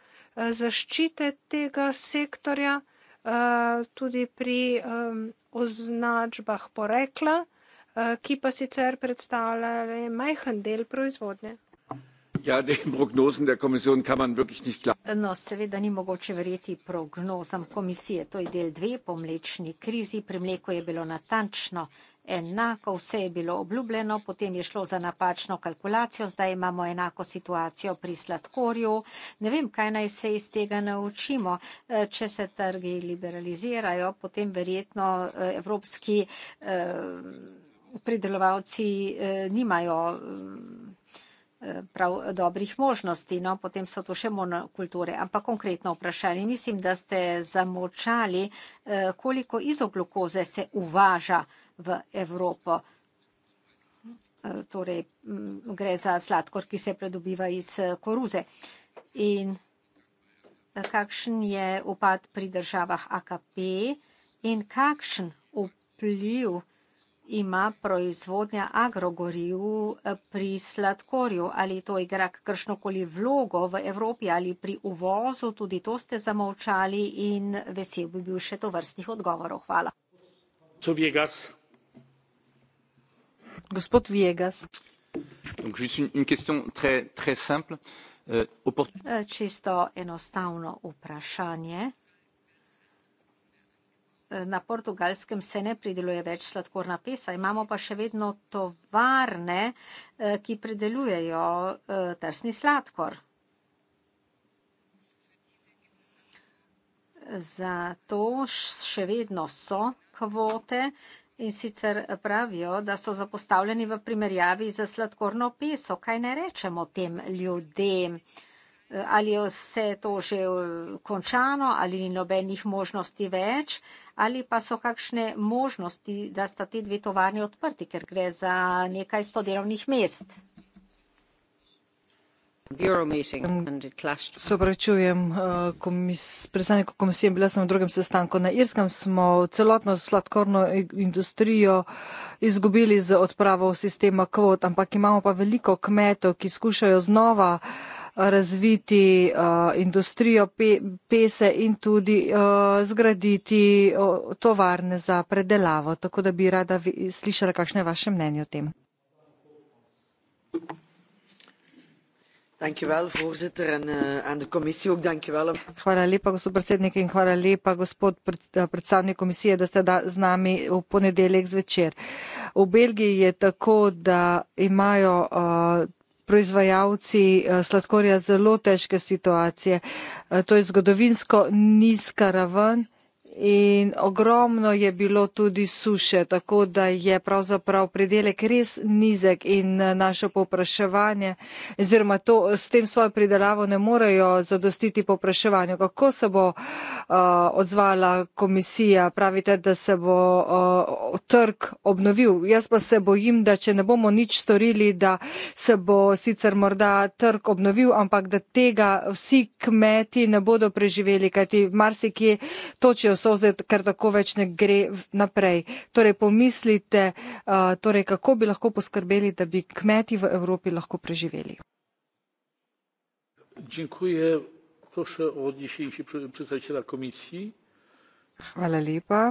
zaščite tega sektorja tudi pri označbah porekla. Eh, ki pa sicer predstavljajo majhen del proizvodnje. Ja, der kann man nicht eh, no, seveda ni mogoče verjeti prognozam komisije. To je del dve po mlečni krizi. Pri mleku je bilo natančno enako, vse je bilo obljubljeno, potem je šlo za napačno kalkulacijo, zdaj imamo enako situacijo pri sladkorju. Ne vem, kaj naj se iz tega naučimo. Eh, če se trgi liberalizirajo, potem verjetno evropski. Eh, pridelovalci eh, nimajo eh, eh, prav dobrih možnosti, no potem so to še monokulture, ampak konkretno vprašanje. Mislim, da ste zamočali, eh, koliko izoglukoze se uvaža v Evropo. Torej, mm, gre za sladkor, ki se predobiva iz koruze. In kakšen je upad pri državah AKP in kakšen vpliv ima proizvodnja agrogoriv eh, pri sladkorju. Ali to igra kakršnokoli vlogo v Evropi ali pri uvozu, tudi to ste zamovčali in vesel bi bil še to vrstnih odgovorov. Hvala. Gospod Viegas. Euh, eh, čisto enostavno vprašanje na Portugalskem se ne prideluje več sladkorna pesa, imamo pa še vedno tovarne, eh, ki pridelujejo eh, trsni sladkor. Zato še vedno so kvote in sicer pravijo, da so zapostavljeni v primerjavi za sladkorno peso. Kaj ne rečemo tem ljudem? Eh, ali je vse to že končano, ali ni nobenih možnosti več, ali pa so kakšne možnosti, da sta te dve tovarni odprti, ker gre za nekaj sto delovnih mest? Se opravičujem, eh, predsednik komisije, bila sem na drugem sestanku. Na Irskem smo celotno sladkorno industrijo izgubili z odpravo sistema kvot, ampak imamo pa veliko kmetov, ki skušajo znova uh, razviti eh, industrijo pese in tudi eh, zgraditi eh, tovarne za predelavo. Tako da bi rada slišala, kakšno je vaše mnenje o tem. Dankjewel, voorzitter, en uh, aan de commissie ook dankjewel. Hvala lepa, gospod predsednik, in hvala lepa, gospod predstavnik komisije, da ste da z nami v ponedeljek zvečer. V Belgiji je tako, da imajo uh, proizvajalci eh, sladkorja zelo težke situacije. Eh, to je zgodovinsko nizka raven. In ogromno je bilo tudi suše, tako da je pravzaprav pridelek res nizek in eh, naše popraševanje, oziroma to, s tem svojo pridelavo ne morejo zadostiti popraševanju. Kako se bo uh, odzvala komisija? Pravite, da se bo uh, trg obnovil. Jaz pa se bojim, da če ne bomo nič storili, da se bo sicer morda trg obnovil, ampak da tega vsi kmeti ne bodo preživeli, kajti marsikje točijo solze, ker tako več ne gre naprej. Torej, pomislite, uh, torej, kako bi lahko poskrbeli, da bi kmeti v Evropi lahko preživeli. Dziękuję. Proszę o odniesienie się przedstawiciela komisji. Hvala lepa.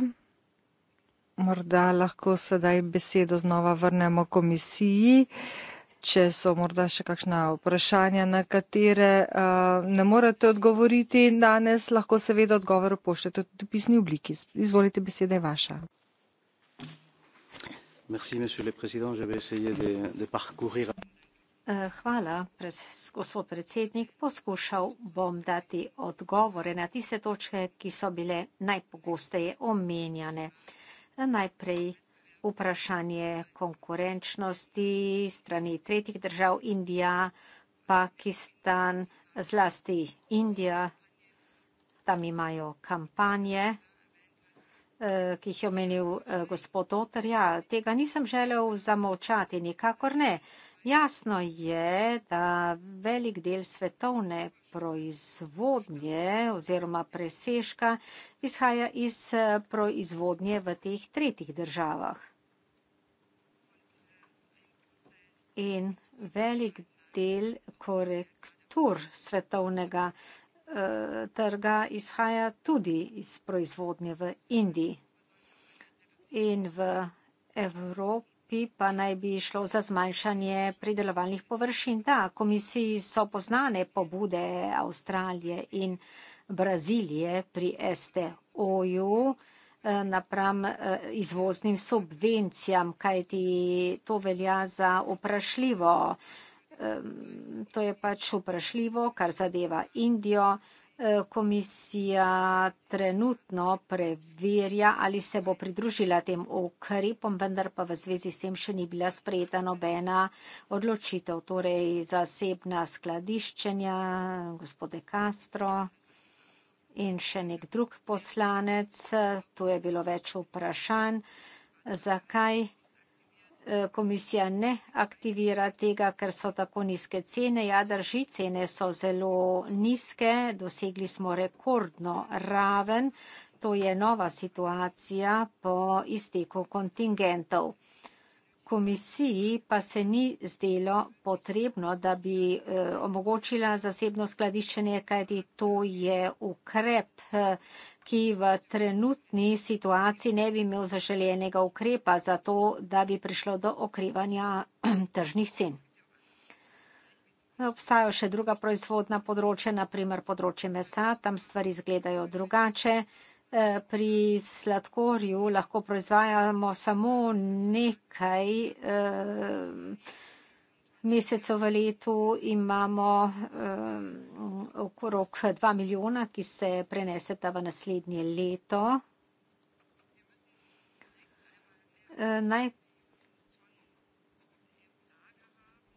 Morda lahko sedaj besedo znova vrnemo komisiji. Uh, Če so morda še kakšna vprašanja, na katere uh, ne morete odgovoriti danes, lahko seveda odgovor pošljete tudi v pisni obliki. Izvolite, beseda je vaša. Merci, eh, Hvala, gospod predsednik. Poskušal bom dati odgovore na tiste točke, ki so bile najpogosteje omenjane. Najprej vprašanje konkurenčnosti strani tretjih držav, Indija, Pakistan, zlasti Indija. Tam imajo kampanje, eh, ki jih je omenil eh, gospod Otr. Ja, tega nisem želel zamolčati, nikakor ne. Jasno je, da velik del svetovne proizvodnje oziroma preseška izhaja iz eh, proizvodnje v teh tretjih državah. In velik del korektur svetovnega eh, trga izhaja tudi iz proizvodnje v Indiji. In v Evropi ukrepi pa naj bi šlo za zmanjšanje pridelovalnih površin. Da, komisiji so poznane pobude Avstralije in Brazilije pri STO-ju eh, napram eh, izvoznim subvencijam, kajti to velja za vprašljivo. Eh, to je pač vprašljivo, kar zadeva Indijo. Eh, komisija trenutno preverja, ali se bo pridružila tem ukrepom, vendar pa v zvezi s tem še ni bila sprejeta nobena odločitev. Torej, zasebna skladiščenja, gospode Castro in še nek drug poslanec, tu je bilo več vprašanj, zakaj. Eh, komisija ne aktivira tega, ker so tako nizke cene. Ja, drži, cene so zelo nizke, dosegli smo rekordno raven. To je nova situacija po izteku kontingentov komisiji pa se ni zdelo potrebno, da bi eh, omogočila zasebno skladiščenje, kajti to je ukrep, eh, ki v trenutni situaciji ne bi imel zaželenega ukrepa za to, da bi prišlo do okrevanja tržnih cen. Obstajajo še druga proizvodna področja, naprimer področje mesa, tam stvari izgledajo drugače. Eh, pri sladkorju lahko proizvajamo samo nekaj eh, mesecev v letu, imamo eh, okrog 2 milijona, ki se preneseta v naslednje leto.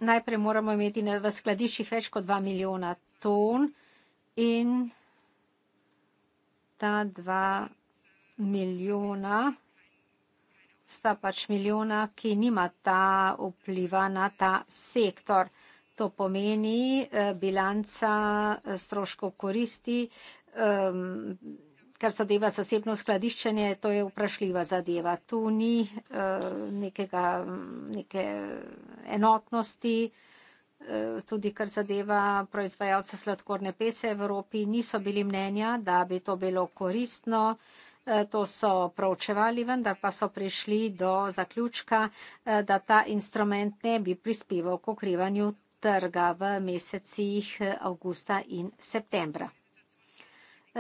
Najprej moramo imeti v skladiščih več kot 2 milijona ton in ta dva milijona sta pač milijona, ki nima ta vpliva na ta sektor. To pomeni eh, bilanca eh, stroškov koristi, eh, kar zadeva zasebno skladiščenje, to je vprašljiva zadeva. Tu ni eh, nekega, neke enotnosti. Eh, Eh, tudi kar zadeva proizvajalce sladkorne pese v Evropi, niso bili mnenja, da bi to bilo koristno. Eh, to so pravčevali, vendar pa so prišli do zaključka, eh, da ta instrument ne bi prispeval k okrivanju trga v mesecih avgusta in septembra.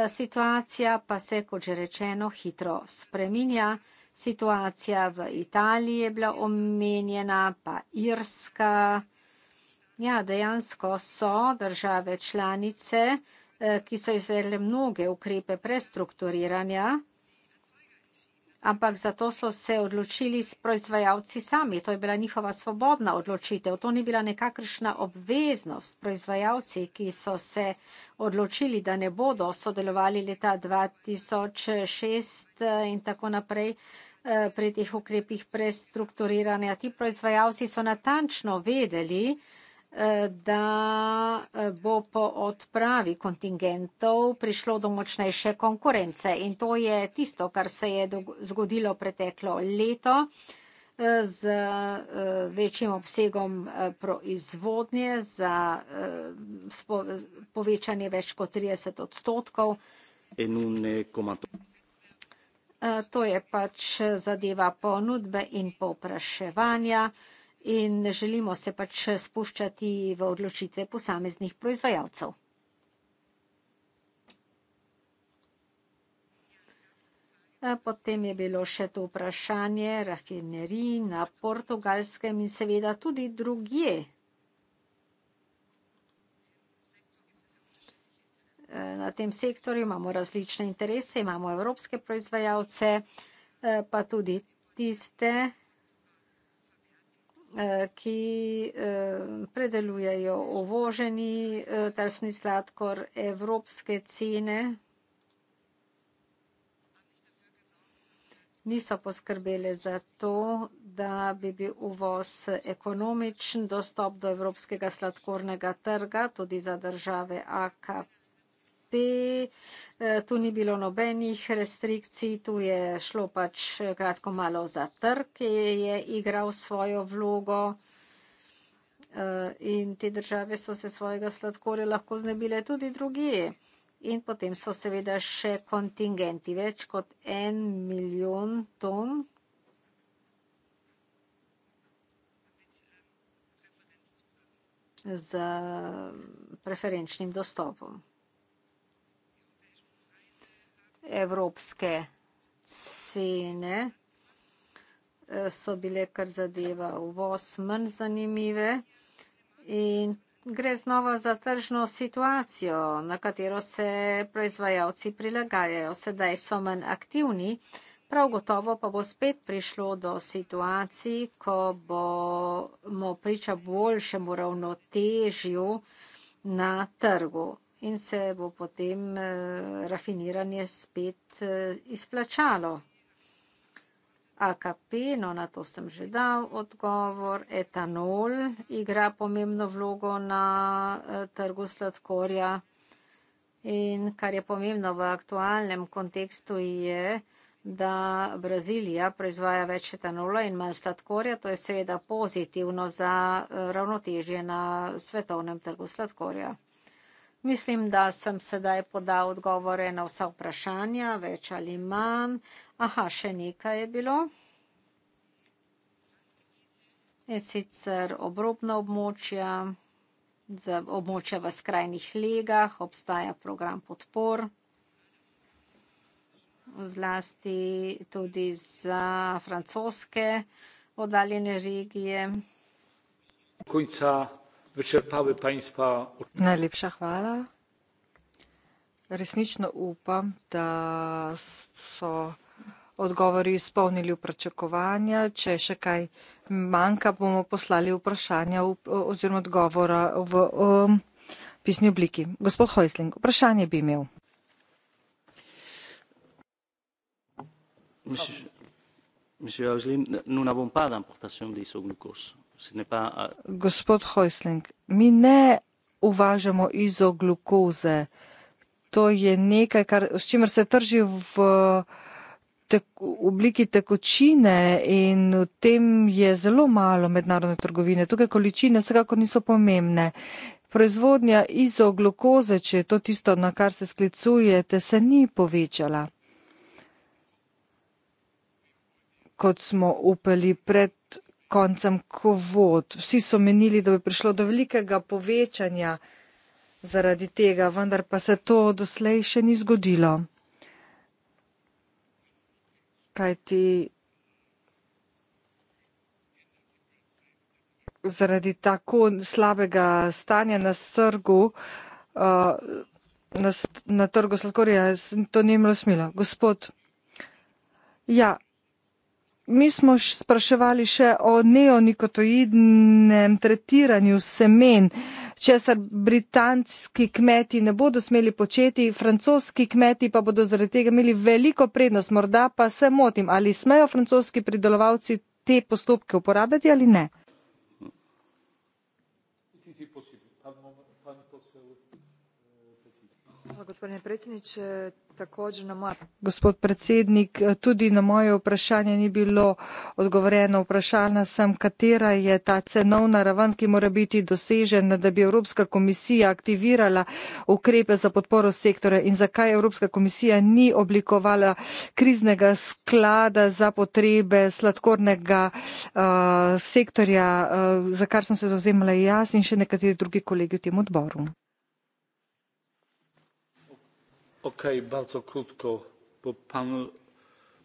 Situacija pa se, kot že rečeno, hitro spreminja. Situacija v Italiji je bila omenjena, pa Irska. Ja, dejansko so države članice, eh, ki so izvedle mnoge ukrepe prestrukturiranja, ampak zato so se odločili s proizvajalci sami. To je bila njihova svobodna odločitev. To ni bila nekakršna obveznost. Proizvajalci, ki so se odločili, da ne bodo sodelovali leta 2006 eh, in tako naprej eh, pri teh ukrepih prestrukturiranja, ti proizvajalci so natančno vedeli, Eh, da eh, bo po odpravi kontingentov prišlo do močnejše konkurence. In to je tisto, kar se je zgodilo preteklo leto eh, z večjim obsegom proizvodnje za povečanje več kot 30 odstotkov. To je pač zadeva ponudbe in popraševanja in ne želimo se pač spuščati v odločitve posameznih proizvajalcev. Potem je bilo še to vprašanje rafinerij na portugalskem in seveda tudi drugje. Na tem sektorju imamo različne interese, imamo evropske proizvajalce, pa tudi tiste, ki. Eh, ki eh, predelujejo uvoženi eh, talsni sladkor, evropske cene niso poskrbele za to, da bi bil uvoz ekonomičen, dostop do evropskega sladkornega trga tudi za države AKP B, eh, tu ni bilo nobenih restrikcij, tu je šlo pač eh, kratko malo za trg, ki je igral svojo vlogo eh, in te države so se svojega sladkorja lahko znebile tudi drugije. In potem so seveda še kontingenti, več kot en milijon ton. z preferenčnim dostopom evropske cene eh, so bile, kar zadeva uvoz, manj zanimive in gre znova za tržno situacijo, na katero se proizvajalci prilagajajo. Sedaj so manj aktivni, prav gotovo pa bo spet prišlo do situacij, ko bomo priča boljšemu ravnotežju na trgu in se bo potem eh, rafiniranje spet eh, izplačalo. AKP, no na to sem že dal odgovor, etanol igra pomembno vlogo na eh, trgu sladkorja in kar je pomembno v aktualnem kontekstu je, da Brazilija proizvaja več etanola in manj sladkorja, to je seveda pozitivno za ravnotežje na svetovnem trgu sladkorja. Mislim, da sem sedaj podal odgovore na vsa vprašanja, več ali manj. Aha, še nekaj je bilo. In sicer obrobna območja, za območja v skrajnih legah obstaja program podpor. Zlasti tudi za francoske oddaljene regije. Konca vyčrpali państwa. najlepša hvala resnično upam da so odgovori izpolnili pričakovanja če še kaj manjka bomo poslali vprašanja oziroma odgovora v um, pisni obliki gospod hoisling vprašanje bi imel. Monsieur Auslin, nous n'avons pas d'importation d'isoglucose. Gospod Hojsling, mi ne uvažamo izoglukoze. To je nekaj, kar, s čimer se trži v, tek, v obliki tekočine in v tem je zelo malo mednarodne trgovine. Tukaj količine vsekako niso pomembne. Proizvodnja izoglukoze, če je to tisto, na kar se sklicujete, se ni povečala. Kot smo upali pred koncem kvot. Vsi so menili, da bi prišlo do velikega povečanja zaradi tega, vendar pa se to doslej še ni zgodilo. Kajti zaradi tako slabega stanja na trgu, uh, na trgu sladkorja, to ni imelo smila. Gospod, ja, Mi smo spraševali še o neonikotoidnem tretiranju semen, česar britanski kmeti ne bodo smeli početi, francoski kmeti pa bodo zaradi tega imeli veliko prednost. Morda pa se motim, ali smejo francoski pridelovalci te postopke uporabljati ali ne. gospod predsednik tudi na moje vprašanje ni bilo odgovorjeno vprašala sem katera je ta cenovna raven ki mora biti dosežena da bi evropska komisija aktivirala ukrepe za podporo sektorja in zakaj evropska komisija ni oblikovala kriznega sklada za potrebe sladkornega uh, sektorja uh, za kar sem se zavzemala jaz in še nekateri drugi kolegi v tem odboru. Okay, bardzo krótko, bo pan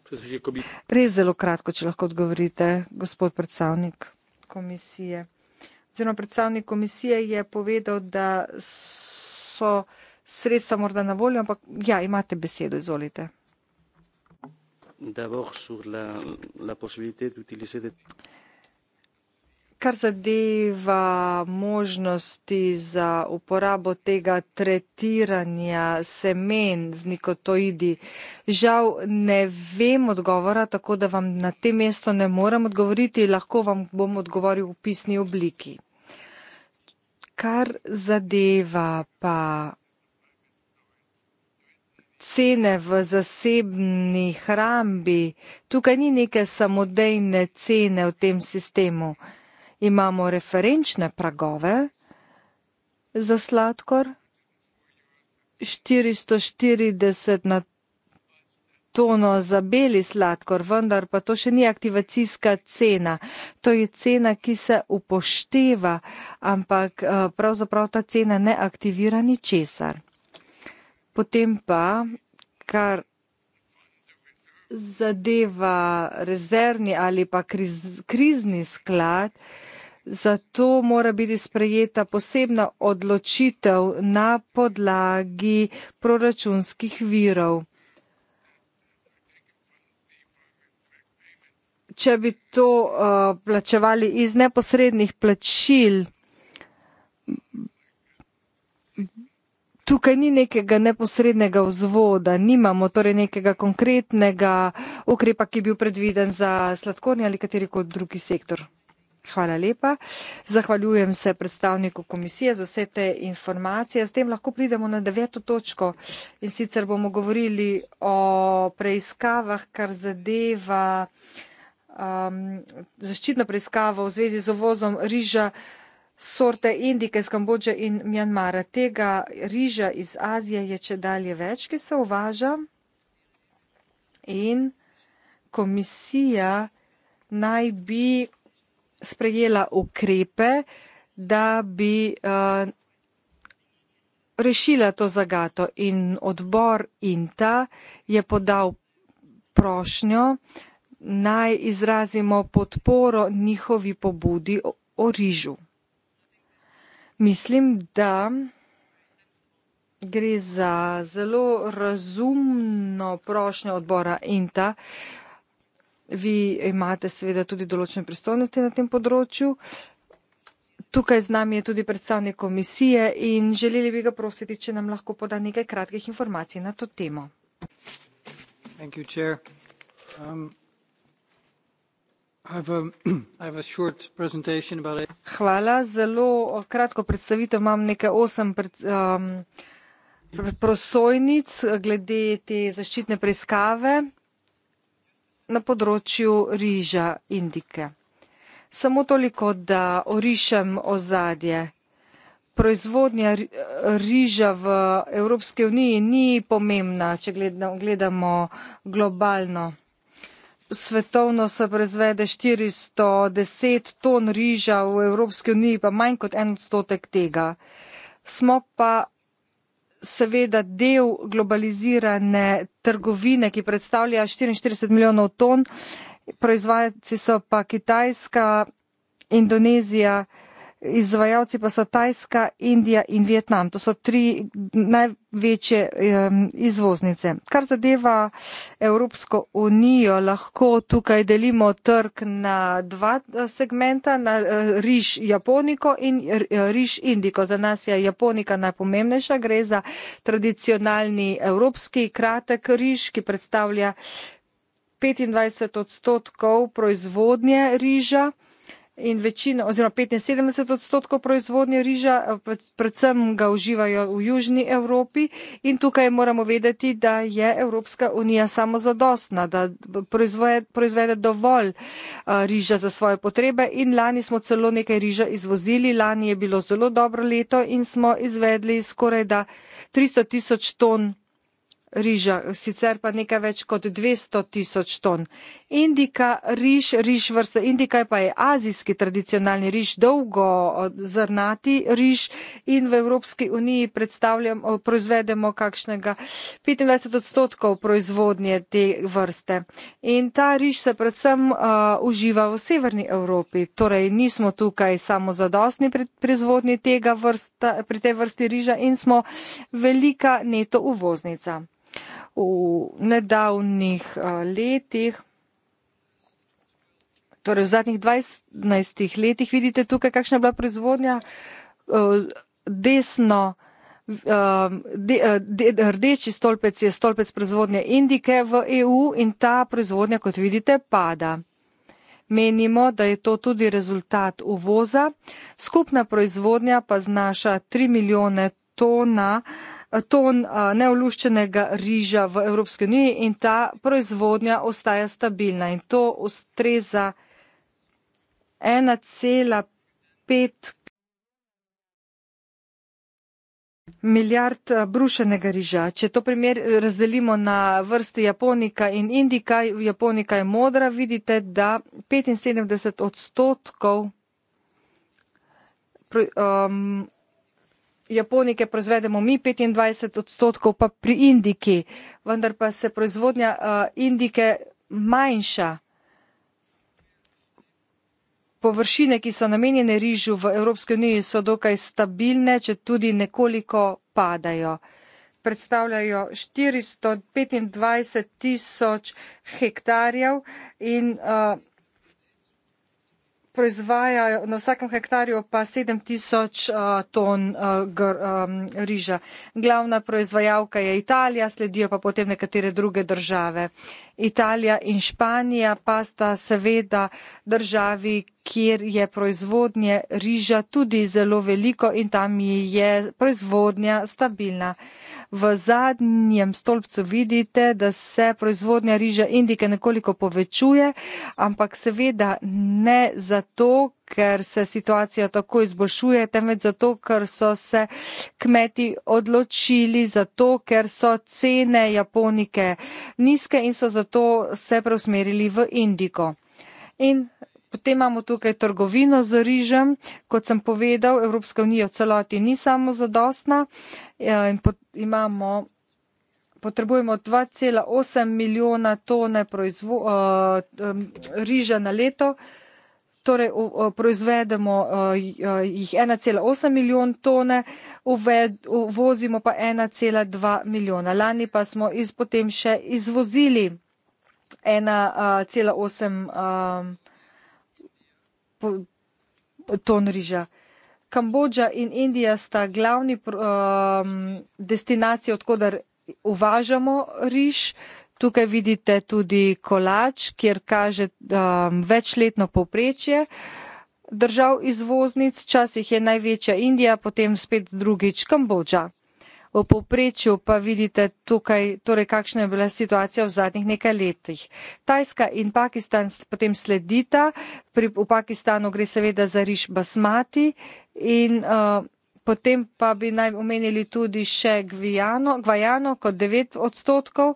przez chwilę kobiet... Res zelo kratko, če lahko odgovorite, gospod predstavnik komisije. Oziroma predstavnik komisije je povedal, da so sredstva morda na voljo, ampak ja, imate besedo, izvolite. D'abord sur la, la possibilité d'utiliser des kar zadeva možnosti za uporabo tega tretiranja semen z nikotoidi, žal ne vem odgovora, tako da vam na tem mestu ne morem odgovoriti, lahko vam bom odgovoril v pisni obliki. Kar zadeva pa cene v zasebni hrambi, tukaj ni neke samodejne cene v tem sistemu imamo referenčne pragove za sladkor, 440 na tono za beli sladkor, vendar pa to še ni aktivacijska cena. To je cena, ki se upošteva, ampak eh, pravzaprav ta cena ne aktivira ničesar. Potem pa, kar zadeva rezervni ali pa kriz, krizni sklad, zato mora biti sprejeta posebna odločitev na podlagi proračunskih virov. Če bi to uh, plačevali iz neposrednih plačil, tukaj ni nekega neposrednega vzvoda, nimamo torej nekega konkretnega ukrepa, ki je bil predviden za sladkorni ali kateri kot drugi sektor. Hvala lepa. Zahvaljujem se predstavniku komisije za vse te informacije. S tem lahko pridemo na deveto točko in sicer bomo govorili o preiskavah, kar zadeva um, zaščitno preiskavo v zvezi z ovozom riža. Uh, sorte indike iz Kambodže in Mjanmara. Tega riža iz Azije je če dalje več, ki se uvaža in komisija naj bi sprejela ukrepe, da bi uh, rešila to zagato. In odbor INTA je podal prošnjo, naj izrazimo podporo njihovi pobudi o, o rižu. Mislim, da gre za zelo razumno prošnjo odbora INTA. Vi imate seveda tudi določene pristojnosti na tem področju. Tukaj z nami je tudi predstavnik komisije in želeli bi ga prositi, če nam lahko poda nekaj kratkih informacij na to temo. Thank you, chair. Um... Hvala. Zelo eh, kratko predstavitev imam, nekaj osem prosojnic eh, glede te zaščitne preiskave na področju riža indike. Samo toliko, da orišem ozadje. Proizvodnja riža v Evropski uniji ni pomembna, če gledamo globalno svetovno se proizvede 410 ton riža, v Evropski uniji pa manj kot en odstotek tega. Smo pa seveda del globalizirane trgovine, ki predstavlja 44 milijonov ton, proizvajalci so pa Kitajska, Indonezija, izvajalci pa so Tajska, Indija in Vietnam. To so tri največje izvoznice. Kar zadeva Evropsko unijo, lahko tukaj delimo trg na dva eh, segmenta, na eh, riž Japoniko in eh, riž Indiko. Za nas je Japonika najpomembnejša, gre za tradicionalni evropski kratek riž, ki predstavlja 25 odstotkov proizvodnje riža in večino oziroma petinsedemdeset odstotkov proizvodnje riža predvsem ga uživajo v južni evropi in tukaj moramo vedeti da je evropska unija samozadostna da proizvede, proizvede dovolj a, eh, riža za svoje potrebe in lani smo celo nekaj riža izvozili lani je bilo zelo dobro leto in smo izvedli skoraj da tristo tisoč ton riža, sicer pa nekaj več kot 200 tisoč ton. Indika, riž, riž vrste indika pa je azijski tradicionalni riž, dolgo zrnati riž in v Evropski uniji proizvedemo kakšnega 25 odstotkov proizvodnje te vrste. In ta riž se predvsem uh, uživa v severni Evropi, torej nismo tukaj samo zadostni pri proizvodnji tega vrsta, pri tej vrsti riža in smo velika neto uvoznica v nedavnih eh, letih. Torej v zadnjih 12 letih vidite tukaj, kakšna je bila proizvodnja eh, desno. Eh, rdeči stolpec je stolpec proizvodnje indike v EU in ta proizvodnja, kot vidite, pada. Menimo, da je to tudi rezultat uvoza. Skupna proizvodnja pa znaša 3 milijone tona uh, ton neoluščenega riža v Evropski uniji in ta proizvodnja ostaja stabilna in to ustreza 1,5. Milijard brušenega riža. Če to primer razdelimo na vrsti japonika in indika, japonika je modra, vidite, da 75 odstotkov japonike proizvedemo mi 25 odstotkov, pa pri Indiki, vendar pa se proizvodnja uh, Indike manjša. Površine, ki so namenjene rižu v Evropski uniji, so dokaj stabilne, če tudi nekoliko padajo. Predstavljajo 425 tisoč hektarjev in uh, proizvaja na vsakem hektarju pa sedem tisoč uh, ton uh, um, riža glavna proizvajalka je italija sledijo pa potem nekatere druge države italija in španija pa sta seveda državi kjer je proizvodnje riža tudi zelo veliko in tam je proizvodnja stabilna. V zadnjem stolpcu vidite, da se proizvodnja riža Indike nekoliko povečuje, ampak seveda ne zato, ker se situacija tako izboljšuje, temveč zato, ker so se kmeti odločili za to, ker so cene japonike nizke in so zato se preusmerili v indigo. In potem imamo tukaj trgovino z rižem. Kot sem povedal, Evropska unija v celoti ni samo zadostna. Eh, imamo, potrebujemo 2,8 milijona tone proizvo, uh, riža na leto. Uh, torej proizvedemo uh, uh, jih 1,8 milijon tone, uvozimo pa 1,2 milijona. Lani pa smo iz potem še izvozili 1,8 uh, um, ton riža. Kambodža in Indija sta glavni um, destinacije, odkudar uvažamo riž. Tukaj vidite tudi kolač, kjer kaže um, večletno povprečje držav izvoznic, včasih je največja Indija, potem spet drugič Kambodža. V povprečju pa vidite tukaj, torej kakšna je bila situacija v zadnjih nekaj letih. Tajska in Pakistan potem sledita, Pri, v Pakistanu gre seveda za riš basmati in uh, Potem pa bi naj omenili tudi še Gvijano, Gvajano kot 9 odstotkov,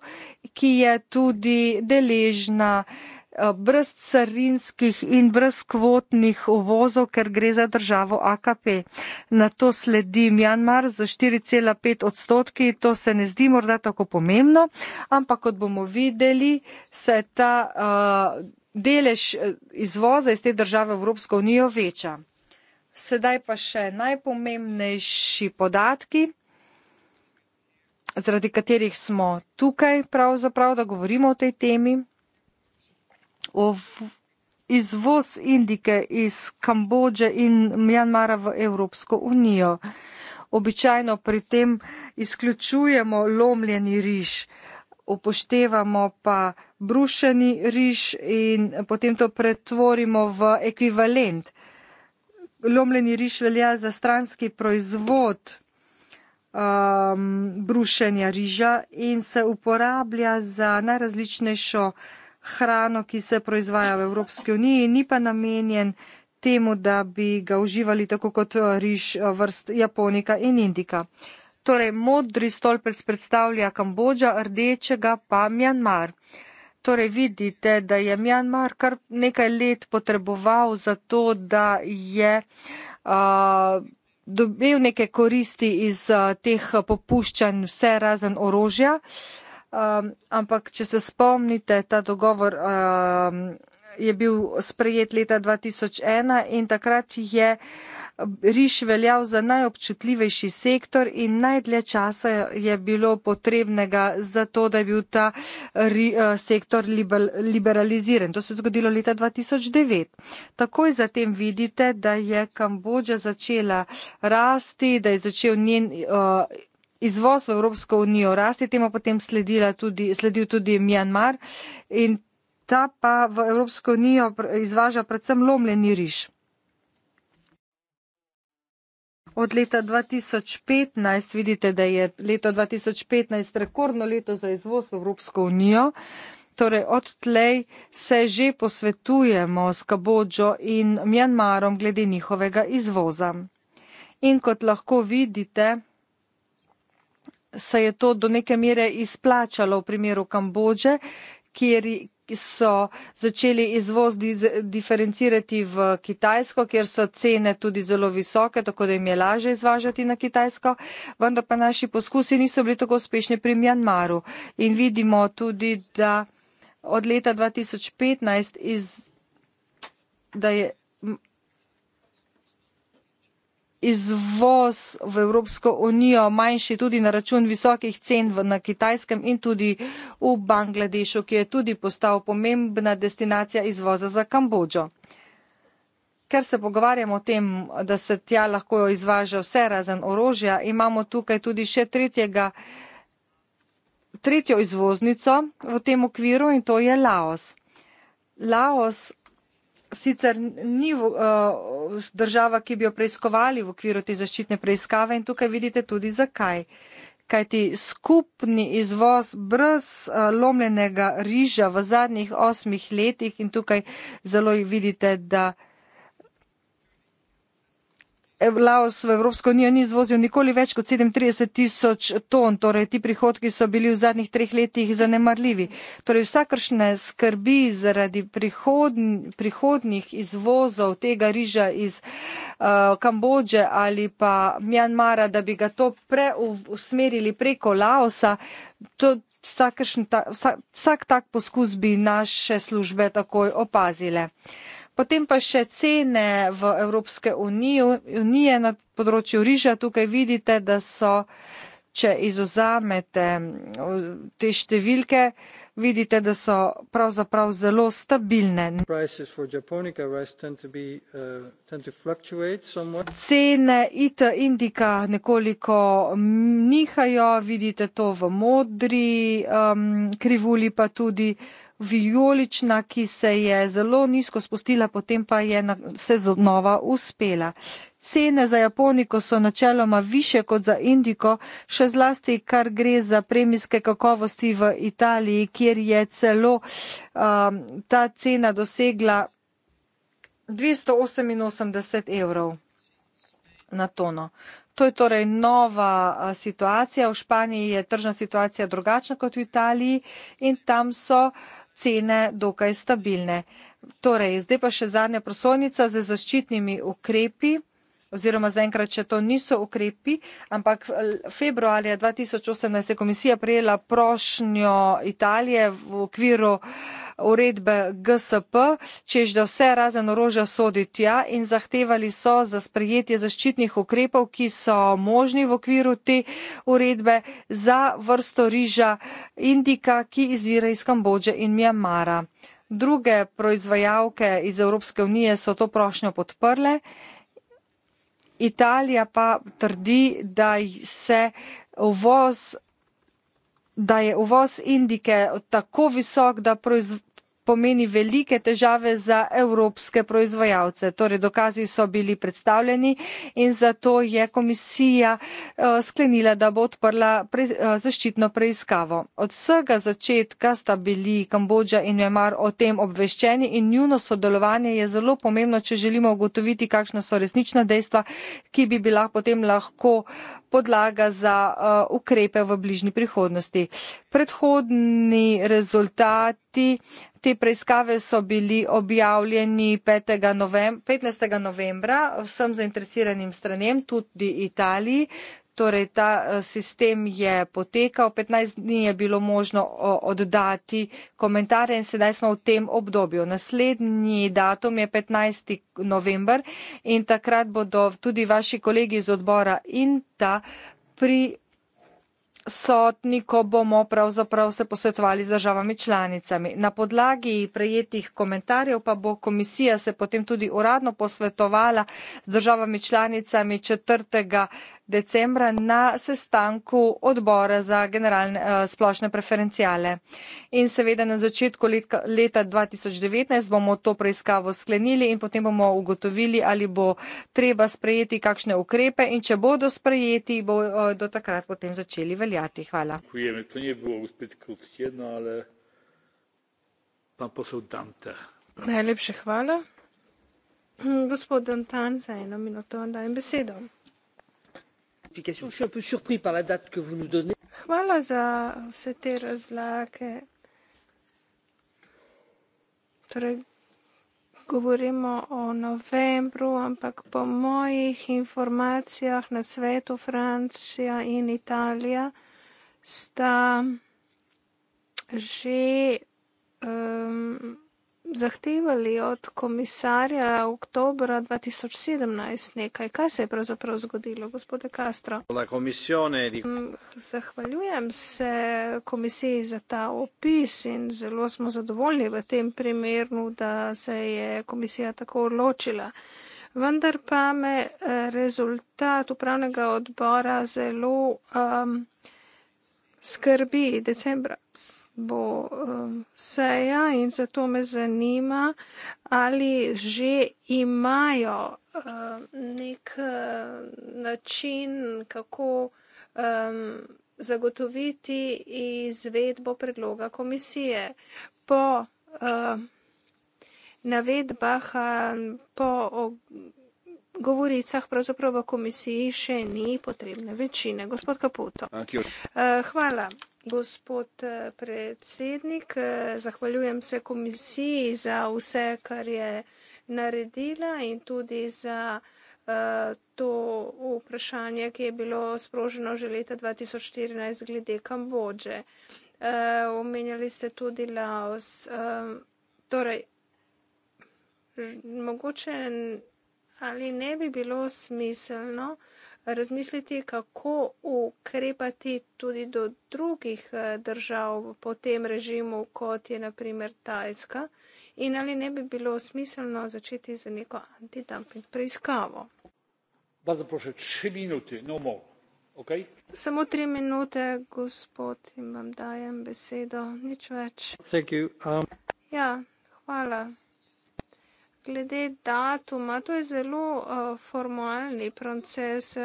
ki je tudi deležna eh, brez carinskih in brez kvotnih uvozov, ker gre za državo AKP. Na to sledi Mjanmar z 4,5 odstotki, to se ne zdi morda tako pomembno, ampak kot bomo videli, se ta uh, delež eh, izvoza iz te države v Evropsko unijo veča. Sedaj pa še najpomembnejši podatki, zaradi katerih smo tukaj, pravzaprav, da govorimo o tej temi. O izvoz Indike iz Kambodže in Mjanmara v Evropsko unijo. Običajno pri tem izključujemo lomljeni riž, upoštevamo pa brušeni riž in potem to pretvorimo v ekvivalent lomljeni riž velja za stranski proizvod um, brušenja riža in se uporablja za najrazličnejšo hrano, ki se proizvaja v Evropski uniji, ni pa namenjen temu, da bi ga uživali tako kot uh, riž uh, vrst japonika in indika. Torej, modri stolpec predstavlja Kambodža, rdečega pa Mjanmar. Uh, torej vidite, da je Mjanmar kar nekaj let potreboval za to, da je a, dobil neke koristi iz a, teh popuščanj, vse razen orožja. A, ampak, če se spomnite, ta dogovor a, je bil sprejet leta 2001 in takrat je riž veljal za najobčutljivejši sektor in najdlje časa je bilo potrebnega za to, da je bil ta ri, eh, sektor liberaliziran. To se je zgodilo leta 2009. Takoj zatem vidite, da je Kambodža začela rasti, da je začel njen. Uh, Izvoz v Evropsko unijo rasti, temu potem tudi, sledil tudi Mjanmar in ta pa v Evropsko unijo izvaža predvsem lomljeni riž. Od leta 2015 vidite, da je leto 2015 rekordno leto za izvoz v Evropsko unijo. Torej, od tlej se že posvetujemo s Kabodžo in Mjanmarom glede njihovega izvoza. In kot lahko vidite, se je to do neke mere izplačalo v primeru Kambodže, kjer, ki so začeli izvoz diferencirati v Kitajsko, kjer so cene tudi zelo visoke, tako da jim je laže izvažati na Kitajsko, vendar pa naši poskusi niso bili tako uspešni pri Mjanmaru. In vidimo tudi, da od leta 2015 iz, da je izvoz v evropsko unijo manjši tudi na račun visokih cen na kitajskem in tudi v bangladešu ki je tudi postal pomembna destinacija izvoza za kambodžo ker se pogovarjamo o tem da se tja lahko izvaža vse razen orožja imamo tukaj tudi še tretjega tretjo izvoznico v tem okviru in to je laos laos sicer ni eh, država, ki bi jo preiskovali v okviru te zaščitne preiskave in tukaj vidite tudi zakaj. Kaj ti skupni izvoz brez eh, lomljenega riža v zadnjih osmih letih in tukaj zelo vidite, da. Laos v Evropsko unijo ni izvozil nikoli več kot 37 tisoč ton, torej ti prihodki so bili v zadnjih treh letih zanemarljivi. Torej vsakršne skrbi zaradi prihodn, prihodnjih izvozov tega riža iz uh, Kambodže ali pa Mjanmara, da bi ga to preusmerili preko Laosa, to, ta, vsa, vsak tak poskus bi naše službe takoj opazile. Potem pa še cene v Evropske unije, unije na področju riža. Tukaj vidite, da so, če izuzamete te številke, vidite, da so pravzaprav zelo stabilne. Uh, cene IT indika nekoliko nihajo, vidite to v modri um, krivuli, pa tudi vijolična, ki se je zelo nizko spustila, potem pa je na, se znova uspela. Cene za japoniko so načeloma više kot za indiko, še zlasti, kar gre za premijske kakovosti v Italiji, kjer je celo um, ta cena dosegla 288 evrov na tono. To je torej nova situacija. V Španiji je tržna situacija drugačna kot v Italiji in tam so uh, cene dokaj stabilne. Torej, zdaj pa še zadnja prosojnica z zaščitnimi ukrepi oziroma zaenkrat še to niso ukrepi, ampak eh, februarja 2018 je komisija prejela prošnjo Italije v okviru eh, uredbe GSP, čež da vse razen orožja sodi tja in zahtevali so za sprejetje zaščitnih ukrepov, ki so možni v okviru te uredbe za vrsto riža indika, ki izvira iz Kambodže in Mjamara. Druge proizvajalke iz Evropske unije so to prošnjo podprle Italija pa trdi, da se uvoz da je uvoz indike tako visok, da proiz, pomeni velike težave za evropske proizvajalce. Torej, dokazi so bili predstavljeni in zato je komisija uh, sklenila, da bo odprla pre, uh, eh, zaščitno preiskavo. Od vsega začetka sta bili Kambodža in Mjemar o tem obveščeni in njuno sodelovanje je zelo pomembno, če želimo ugotoviti, kakšna so resnična dejstva, ki bi bila potem lahko podlaga za uh, ukrepe v bližnji prihodnosti. Predhodni rezultati uh, Te preiskave so bili objavljeni 15. novembra vsem zainteresiranim stranem, tudi Italiji. Torej, ta eh, sistem je potekal, 15 dni je bilo možno oddati komentarje in sedaj smo v tem obdobju. Naslednji datum je 15. november in takrat bodo tudi vaši kolegi iz odbora INTA pri sodni, ko bomo pravzaprav se posvetovali z državami članicami. Na podlagi prejetih komentarjev pa bo komisija se potem tudi uradno posvetovala z državami članicami 4 decembra na sestanku odbora za generalne, eh, splošne preferencijale. In seveda na začetku letka, leta 2019 bomo to preiskavo sklenili in potem bomo ugotovili, ali bo treba sprejeti kakšne ukrepe in če bodo sprejeti, bo eh, do takrat potem začeli veljati. Hvala. No, Najlepše hvala. Gospod Dantan, za eno minuto vam dajem besedo explications. Je suis un peu surpris par la date que vous nous donnez. Hvala za vse te razlage. Torej, govorimo o novembru, ampak po mojih informacijah na svetu Francija in Italija sta že um, zahtevali od komisarja oktobra 2017 nekaj. Kaj se je pravzaprav zgodilo, gospode Castro? Mm, zahvaljujem se komisiji za ta opis in zelo smo zadovoljni v tem primeru, da se je komisija tako odločila. Vendar pa me eh, rezultat upravnega odbora zelo. Um, skrbi, decembra bo um, seja in zato me zanima, ali že imajo um, nek uh, način, kako um, zagotoviti izvedbo predloga komisije. Po um, navedbah, um, po. O, govoricah pravzaprav v komisiji še ni potrebne večine. Gospod Kaputo. Eh, hvala. Gospod eh, predsednik, eh, zahvaljujem se komisiji za vse, kar je naredila in tudi za to vprašanje, ki je bilo sproženo že leta 2014 glede Kambodže. Omenjali ste tudi Laos. Torej, mogoče ali ne bi bilo smiselno razmisliti, kako ukrepati tudi do drugih eh, držav po tem režimu, kot je naprimer Tajska, in ali ne bi bilo smiselno začeti z neko antidumping preiskavo. No Samo tri minute, gospod, in vam dajem besedo, nič več. Um. Ja, hvala glede datuma, to je zelo uh, formalni proces.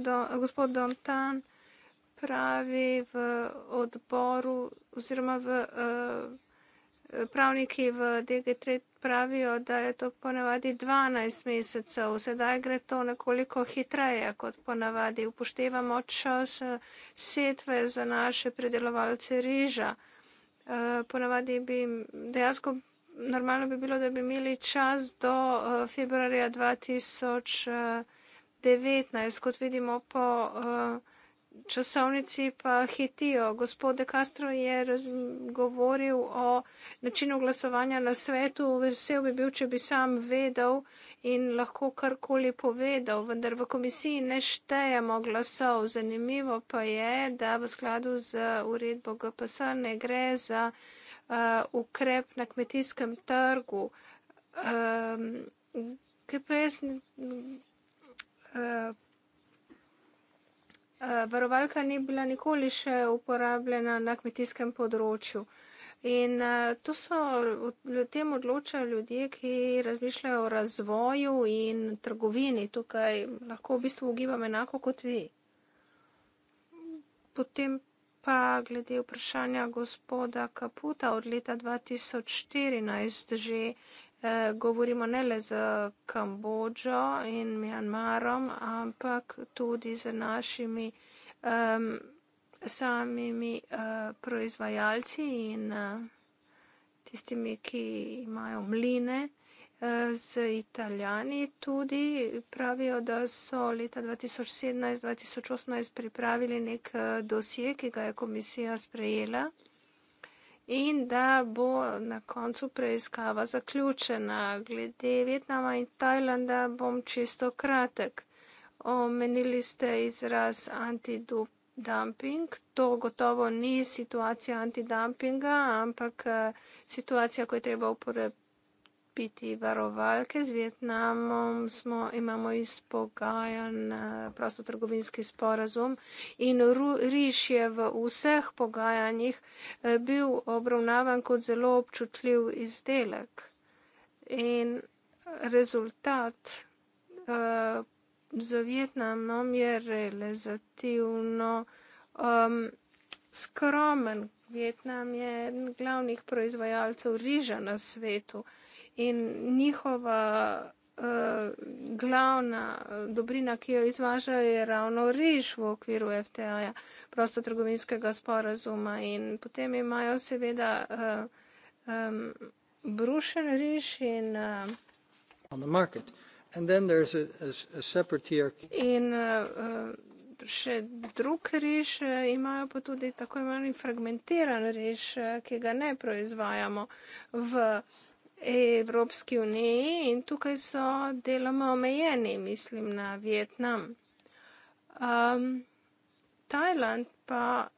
Don, gospod Dontan pravi v odboru oziroma v. Uh, Pravniki v DG3 pravijo, da je to ponavadi 12 mesecev, sedaj gre to nekoliko hitreje kot ponavadi. Upoštevamo čas uh, setve za naše predelovalce riža. Uh, ponavadi bi dejansko normalno bi bilo, da bi imeli čas do eh, februarja 2019. Kot vidimo po eh, časovnici pa hitijo. Gospod De Castro je govoril o načinu glasovanja na svetu. Vesel bi bil, če bi sam vedel in lahko karkoli povedal, vendar v komisiji ne štejemo glasov. Zanimivo pa je, da v skladu z uredbo GPS ne gre za. Uh, ukrep na kmetijskem trgu, um, GPS, uh, uh, varovalka ni bila nikoli še uporabljena na kmetijskem področju. In uh, to so tem odločajo ljudje, ki razmišljajo o razvoju in trgovini. Tukaj lahko v bistvu ugibam enako kot vi. Potem pa glede vprašanja gospoda Kaputa od leta 2014 že eh, govorimo ne le z Kambodžo in Mjanmarom, ampak tudi z našimi eh, samimi eh, proizvajalci in eh, tistimi, ki imajo mline. Eh, z Italijani tudi pravijo, da so leta 2017-2018 pripravili nek eh, dosje, ki ga je komisija sprejela in da bo na koncu preiskava zaključena. Glede Vietnama in Tajlanda bom čisto kratek. Omenili ste izraz antidumping. To gotovo ni situacija antidumpinga, ampak eh, situacija, ko je treba uporabiti biti varovalke z Vietnamom, smo, imamo izpogajan eh, prostotrgovinski sporazum in ru, riš je v vseh pogajanjih eh, bil obravnavan kot zelo občutljiv izdelek. In rezultat uh, eh, za Vietnamom je relativno um, skromen. Vietnam je eden glavnih proizvajalcev riža na svetu. Uh, in njihova uh, glavna eh, dobrina, ki jo izvažajo, je ravno riž v okviru FTA-ja, prostotrgovinskega sporazuma in potem imajo seveda uh, um, brušen riž in. Uh, And then there's a, a, a separate tier. In uh, še drug riž imajo pa tudi tako imenovani fragmentiran riž, ki ga ne proizvajamo v uh, Evropski uniji in tukaj so deloma omejeni, mislim na Vietnam. Um, Tajland pa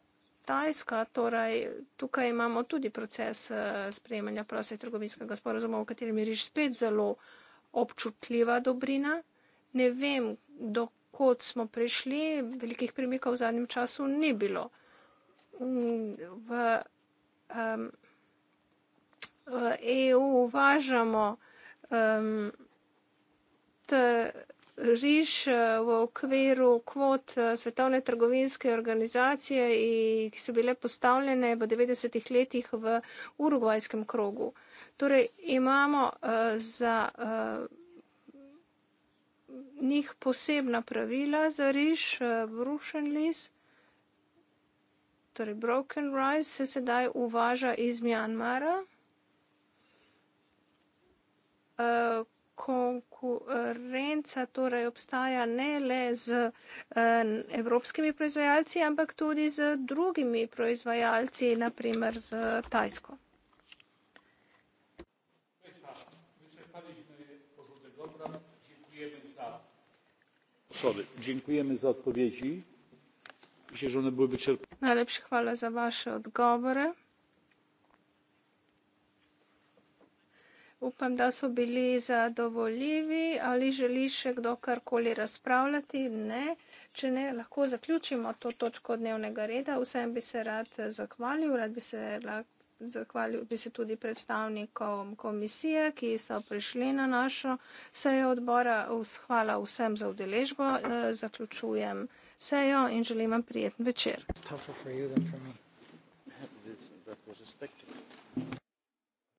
Tajska, torej tukaj imamo tudi proces eh, sprejemanja prosej trgovinskega sporozuma, v katerem je riž spet zelo občutljiva dobrina. Ne vem, dokot smo prišli, velikih premikov v zadnjem času ni bilo. Mm, v, um, EU uvažamo um, te riž uh, v okviru kvot uh, Svetovne trgovinske organizacije, ki so bile postavljene v 90-ih letih v urugvajskem krogu. Torej imamo uh, za uh, njih posebna pravila za riž, uh, brušen lis, torej broken rice se sedaj uvaža iz Mjanmara uh, konkurenca torej obstaja ne le z uh, evropskimi proizvajalci, ampak tudi z drugimi proizvajalci, naprimer z Tajsko. Najlepša hvala za vaše odgovore. Upam, da so bili zadovoljivi. Ali želi še kdo karkoli razpravljati? Ne. Če ne, lahko zaključimo to točko dnevnega reda. Vsem bi se rad eh, zahvalil. Rad bi se lahko. Zahvalil bi se tudi predstavnikom komisije, ki so prišli na našo sejo odbora. Hvala vsem za udeležbo. Eh, zaključujem sejo in želim vam prijeten večer.